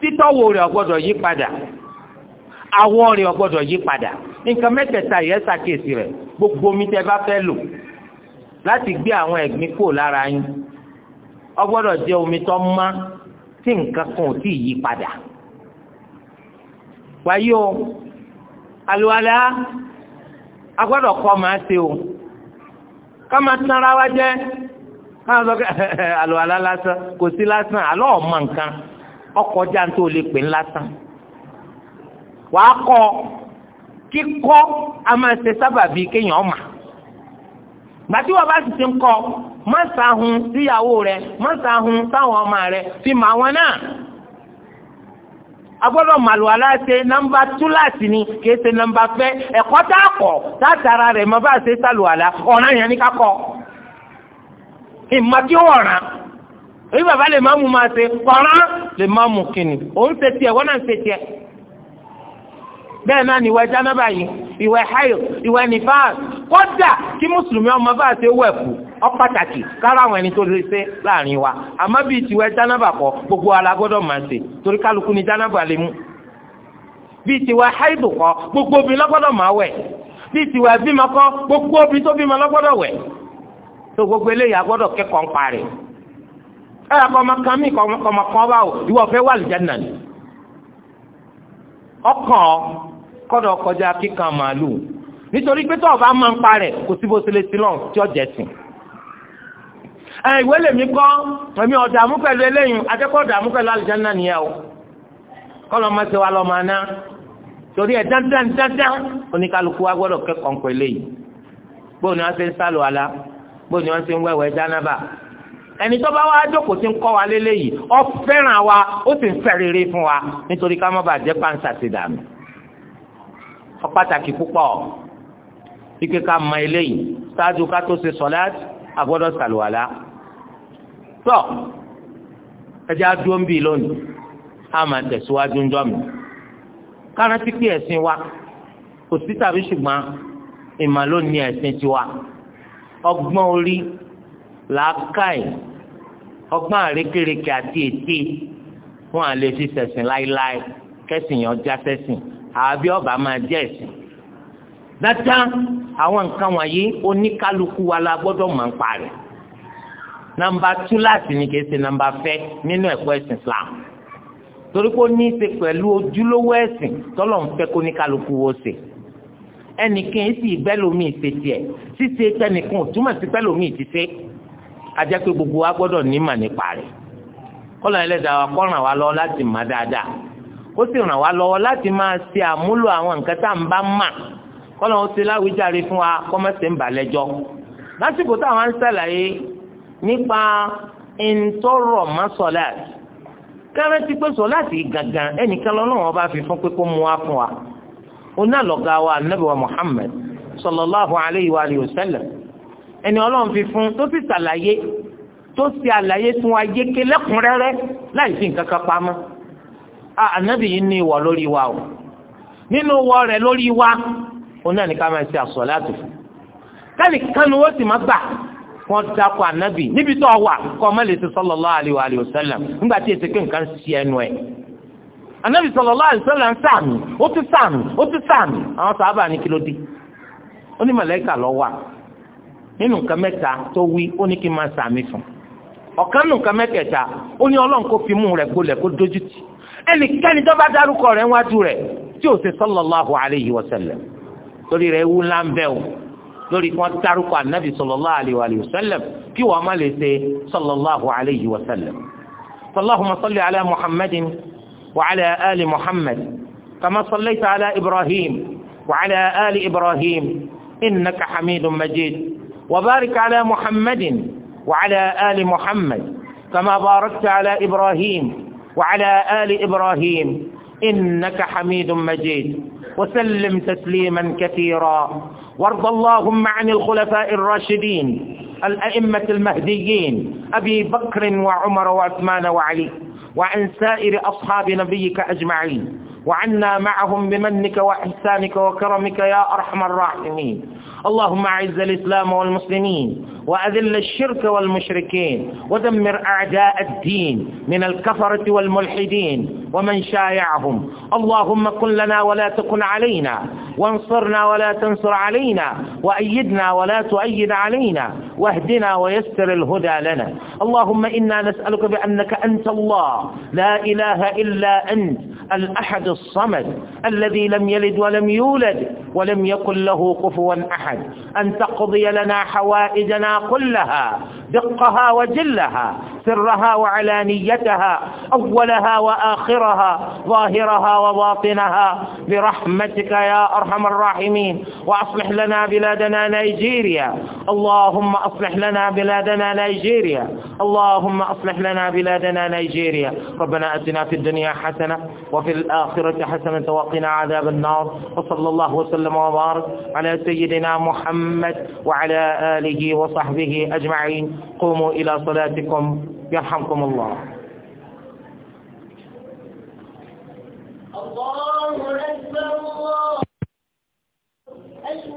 títọ́wò rẹ̀ ọgbọ́dọ̀ yí padà awọ rẹ̀ ọgbọ́dọ̀ yí padà nǹkan mẹ́tẹ̀ẹ̀ta yẹn ṣàkíyèsí rẹ̀ gbogbo omi tẹ́ bá fẹ́ lò láti gbé àwọn ẹ̀gbin kò lára yín ọgbọ́dọ̀ jẹ́ omi tó mọ́ tí nǹkan kan ò tí ì yí padà wáyé o àlùwàlá agbọ́dọ̀ kọ́ máa ṣe o ká máa tán ara wa jẹ́ ká máa sọ pé àlùwàlá lásán kò sí lásán àlọ́ ọ̀mọ nǹkan ọkọ̀ jáǹtó lè pè ń lásán wàá kọ́ kíkọ́ a máa ṣe sábàbí kéèyàn ọ̀mà gbàtí wọn bá sì ti ń kọ́ má sàhun síyàwó rẹ má sáwọn ọmọ rẹ fi mà wọn náà agbọ́dọ̀ màlúwàlá ṣe nọ́mbà túláàsì ni kìí ṣe nọ́mbà fẹ́ ẹ̀kọ́ tá a kọ̀ látara rẹ̀ mọ́ bá ṣe sàlùwàlá ọ̀ràn yẹn ní kakọ́ ìmọ̀ tí ó ọ̀ràn èyí bàbá lè má mú máa ṣe ọ̀ràn lè má mú kìnnì òun ṣe tiẹ̀ wọ́n náà ṣe tiẹ̀ bẹ́ẹ̀ náà ni ìwẹ̀ jánábà yìí ìwẹ̀ hayo ìwẹ̀ nifas kódà kí mùsùlùmí ọmọ bá ṣe wẹ̀ fún ọ pàtàkì kára àwọn ẹni tó lè ṣe láàrin wa àmọ́ bíi tiwẹ̀ jánábà kọ gbogbo alágbọ́dọ̀ máa ṣe torí kálukú ni jánábà lè mú bíi tiwẹ̀ haido kọ gbogbo obìnrin lọ́gbọ́dọ̀ máa wẹ̀ bíi tiwẹ̀ bímọ kọ gbogbo obìnrin tó bímọ lọ́gbọ́dọ̀ wẹ̀ tó gbogbo eléyà gbọ́dọ̀ kẹ́kọ̀ọ́ ń parẹ́ ẹ̀yà kọ́mọkàn mí kọ́mọkàn báwo ìwọ fẹ́ wà lìjẹ́ nàní ọkàn kọ́dọ̀ kọjá kíkan màálù nítorí pé tó o bá máa ń parẹ̀ kò sí bó ṣe lè sí náà tí ó jẹ sìn. ẹ ìwé lèmi kọ́ èmi ọ̀dààmú pẹ̀lú eléyìí akẹ́kọ̀ọ́ ọ̀dààmú pẹ̀lú àlùjáná nìyẹn o kọ́lọ́ máa ṣe wa lọ́ máa ná torí ẹ̀ dandan dandan oníkálukú wa gbọ́dọ̀ kẹ́kọ̀ọ́ ń pẹ̀ eléyìí bóun ni wọ́n ṣe ń sálò àlá bóun ni wọ́n ṣe ń wẹ̀wẹ̀ jánábà ẹni tó bá wá jókòó tí ń kọ́ wa lélẹ́yìí ó fẹ́ràn wa ó sì ń fẹ́ rere fún wa nítorí ká má bàa jẹ́ pàǹsà ti dànù ó pàtàkì púpọ̀ ike ká mọ eléyìí ṣáájú ká tó ṣe sọláàtì agbọ́dọ̀ ṣàlùwàlá tọ́ ẹjẹ́ adúró ń bì lónìí a máa tẹ̀síwájú ń jọ́mi kárántí pé ẹ̀sìn wa kò sí tàbí ṣùgbọ́n ìmọ̀ ló ní ẹ̀sìn tiwa ọgbọ́n orí làákàyè ọgbọ́n àrékèrèké àti ète wọn à lè fi ṣẹ̀sìn láéláé kẹ́sìn yẹn já sẹ́sìn àbí ọba máa jẹ́ ẹ̀sìn dáadáa àwọn nǹkan wọ̀nyí oníkálukú wa la gbọ́dọ̀ máa ń parẹ́ nàmbà túláàsì ni kìí ṣe nàmbà fẹ́ nínú ẹ̀kọ́ ẹ̀sìn Islam torí kó ní í ṣe pẹ̀lú ojúlówó ẹ̀sìn tọ́lọ̀ ń fẹ́ kó oníkálukú wo ṣe ẹnìkan sì bẹ́lòmíì ṣe tiẹ̀ ṣíṣe tẹnìkan ò túmọ̀ sí bẹ́lòmíì ti ṣe ajá pé gbogbo wa gbọ́dọ̀ nímà nípa rẹ̀ kọ́lọ̀ ẹlẹ́dàá wa kọ́ràn wa lọ láti má dáadáa ó sì ràn wá lọ́wọ́ láti máa ṣe àmúlò àwọn nǹkan tá à ń bá mà kọ́nà ó ti láwíjàre fún wa kọ́mọ́sẹ̀ ń bà lẹ́jọ́ lásìkò táwọn ń ṣàlàyé nípa ìǹtọ́rọ̀ mọ́sọ̀láàtì kárẹ́tì pé sọ̀láàtì gàngàn ẹnìkan lọ́nà wọn fi fún pé kó mú wa fún wa oná lọ́gàá wa ànábì wa Muhammad sallallahu alayhi wa alihi wa sallam ẹni ọlọ́run fi fún tó sì ṣàlàyé tó sì àlàyé fún wa yékè lẹ́kùnrẹ́rẹ́ láì fi nǹkan kan pamọ́. ànábì yìí ní ìwọ lórí wa o nínú ìwọ rẹ̀ lórí wa òun náà ní ká máa ṣe àsọ̀láàtù káni kánú ó sì máa gbà ọwa dákọ ànábì níbi tó wà kọ ọmọ lè ṣe sallallahu alaihi wa alihi nígbà tí ètò ń ṣe ẹnu ẹ ànábì sàmì ó ti sàmì ó ti sàmì àwọn sábà ní kí ló dé ó ní wà nínú nǹkan mẹ́ta tó wí ó ní kí n máa sàmì fún ọ̀kan ẹnikẹ́ni tó bá dárúkọ rẹ̀ wájú rẹ̀ tí ò ṣe sallallahu alayhi wa sallam torí rẹ̀ ewu ńlá ń bẹ o lórí kí wọ́n dárúkọ ànábì sallallahu alayhi wa sallam kí wọ́n má lè ṣe sallallahu alayhi wa sallam. Allahumma salli ala Muhammadin wa ala ali Muhammad kama sallaita ala Ibrahim wa ala ali Ibrahim innaka hamidun majid wa barik ala Muhammadin wa ala ali Muhammad kama barakta ala Ibrahim. وعلى آل إبراهيم إنك حميد مجيد وسلم تسليما كثيرا وارض اللهم عن الخلفاء الراشدين الأئمة المهديين أبي بكر وعمر وعثمان وعلي وعن سائر أصحاب نبيك أجمعين وعنا معهم بمنك وإحسانك وكرمك يا أرحم الراحمين اللهم أعز الإسلام والمسلمين وأذل الشرك والمشركين ودمر أعداء الدين من الكفرة والملحدين ومن شايعهم اللهم كن لنا ولا تكن علينا وانصرنا ولا تنصر علينا وأيدنا ولا تؤيد علينا واهدنا ويسر الهدى لنا اللهم إنا نسألك بأنك أنت الله لا إله إلا أنت الأحد الصمد الذي لم يلد ولم يولد ولم يكن له كفوا أحد أن تقضي لنا حوائجنا كلها دقها وجلها سرها وعلانيتها أولها وآخرها ظاهرها وباطنها برحمتك يا أرحم أرحم الراحمين وأصلح لنا بلادنا نيجيريا اللهم أصلح لنا بلادنا نيجيريا اللهم أصلح لنا بلادنا نيجيريا ربنا أتنا في الدنيا حسنة وفي الآخرة حسنة وقنا عذاب النار وصلى الله وسلم وبارك على سيدنا محمد وعلى آله وصحبه أجمعين قوموا إلى صلاتكم يرحمكم الله الله أكبر الله أشهد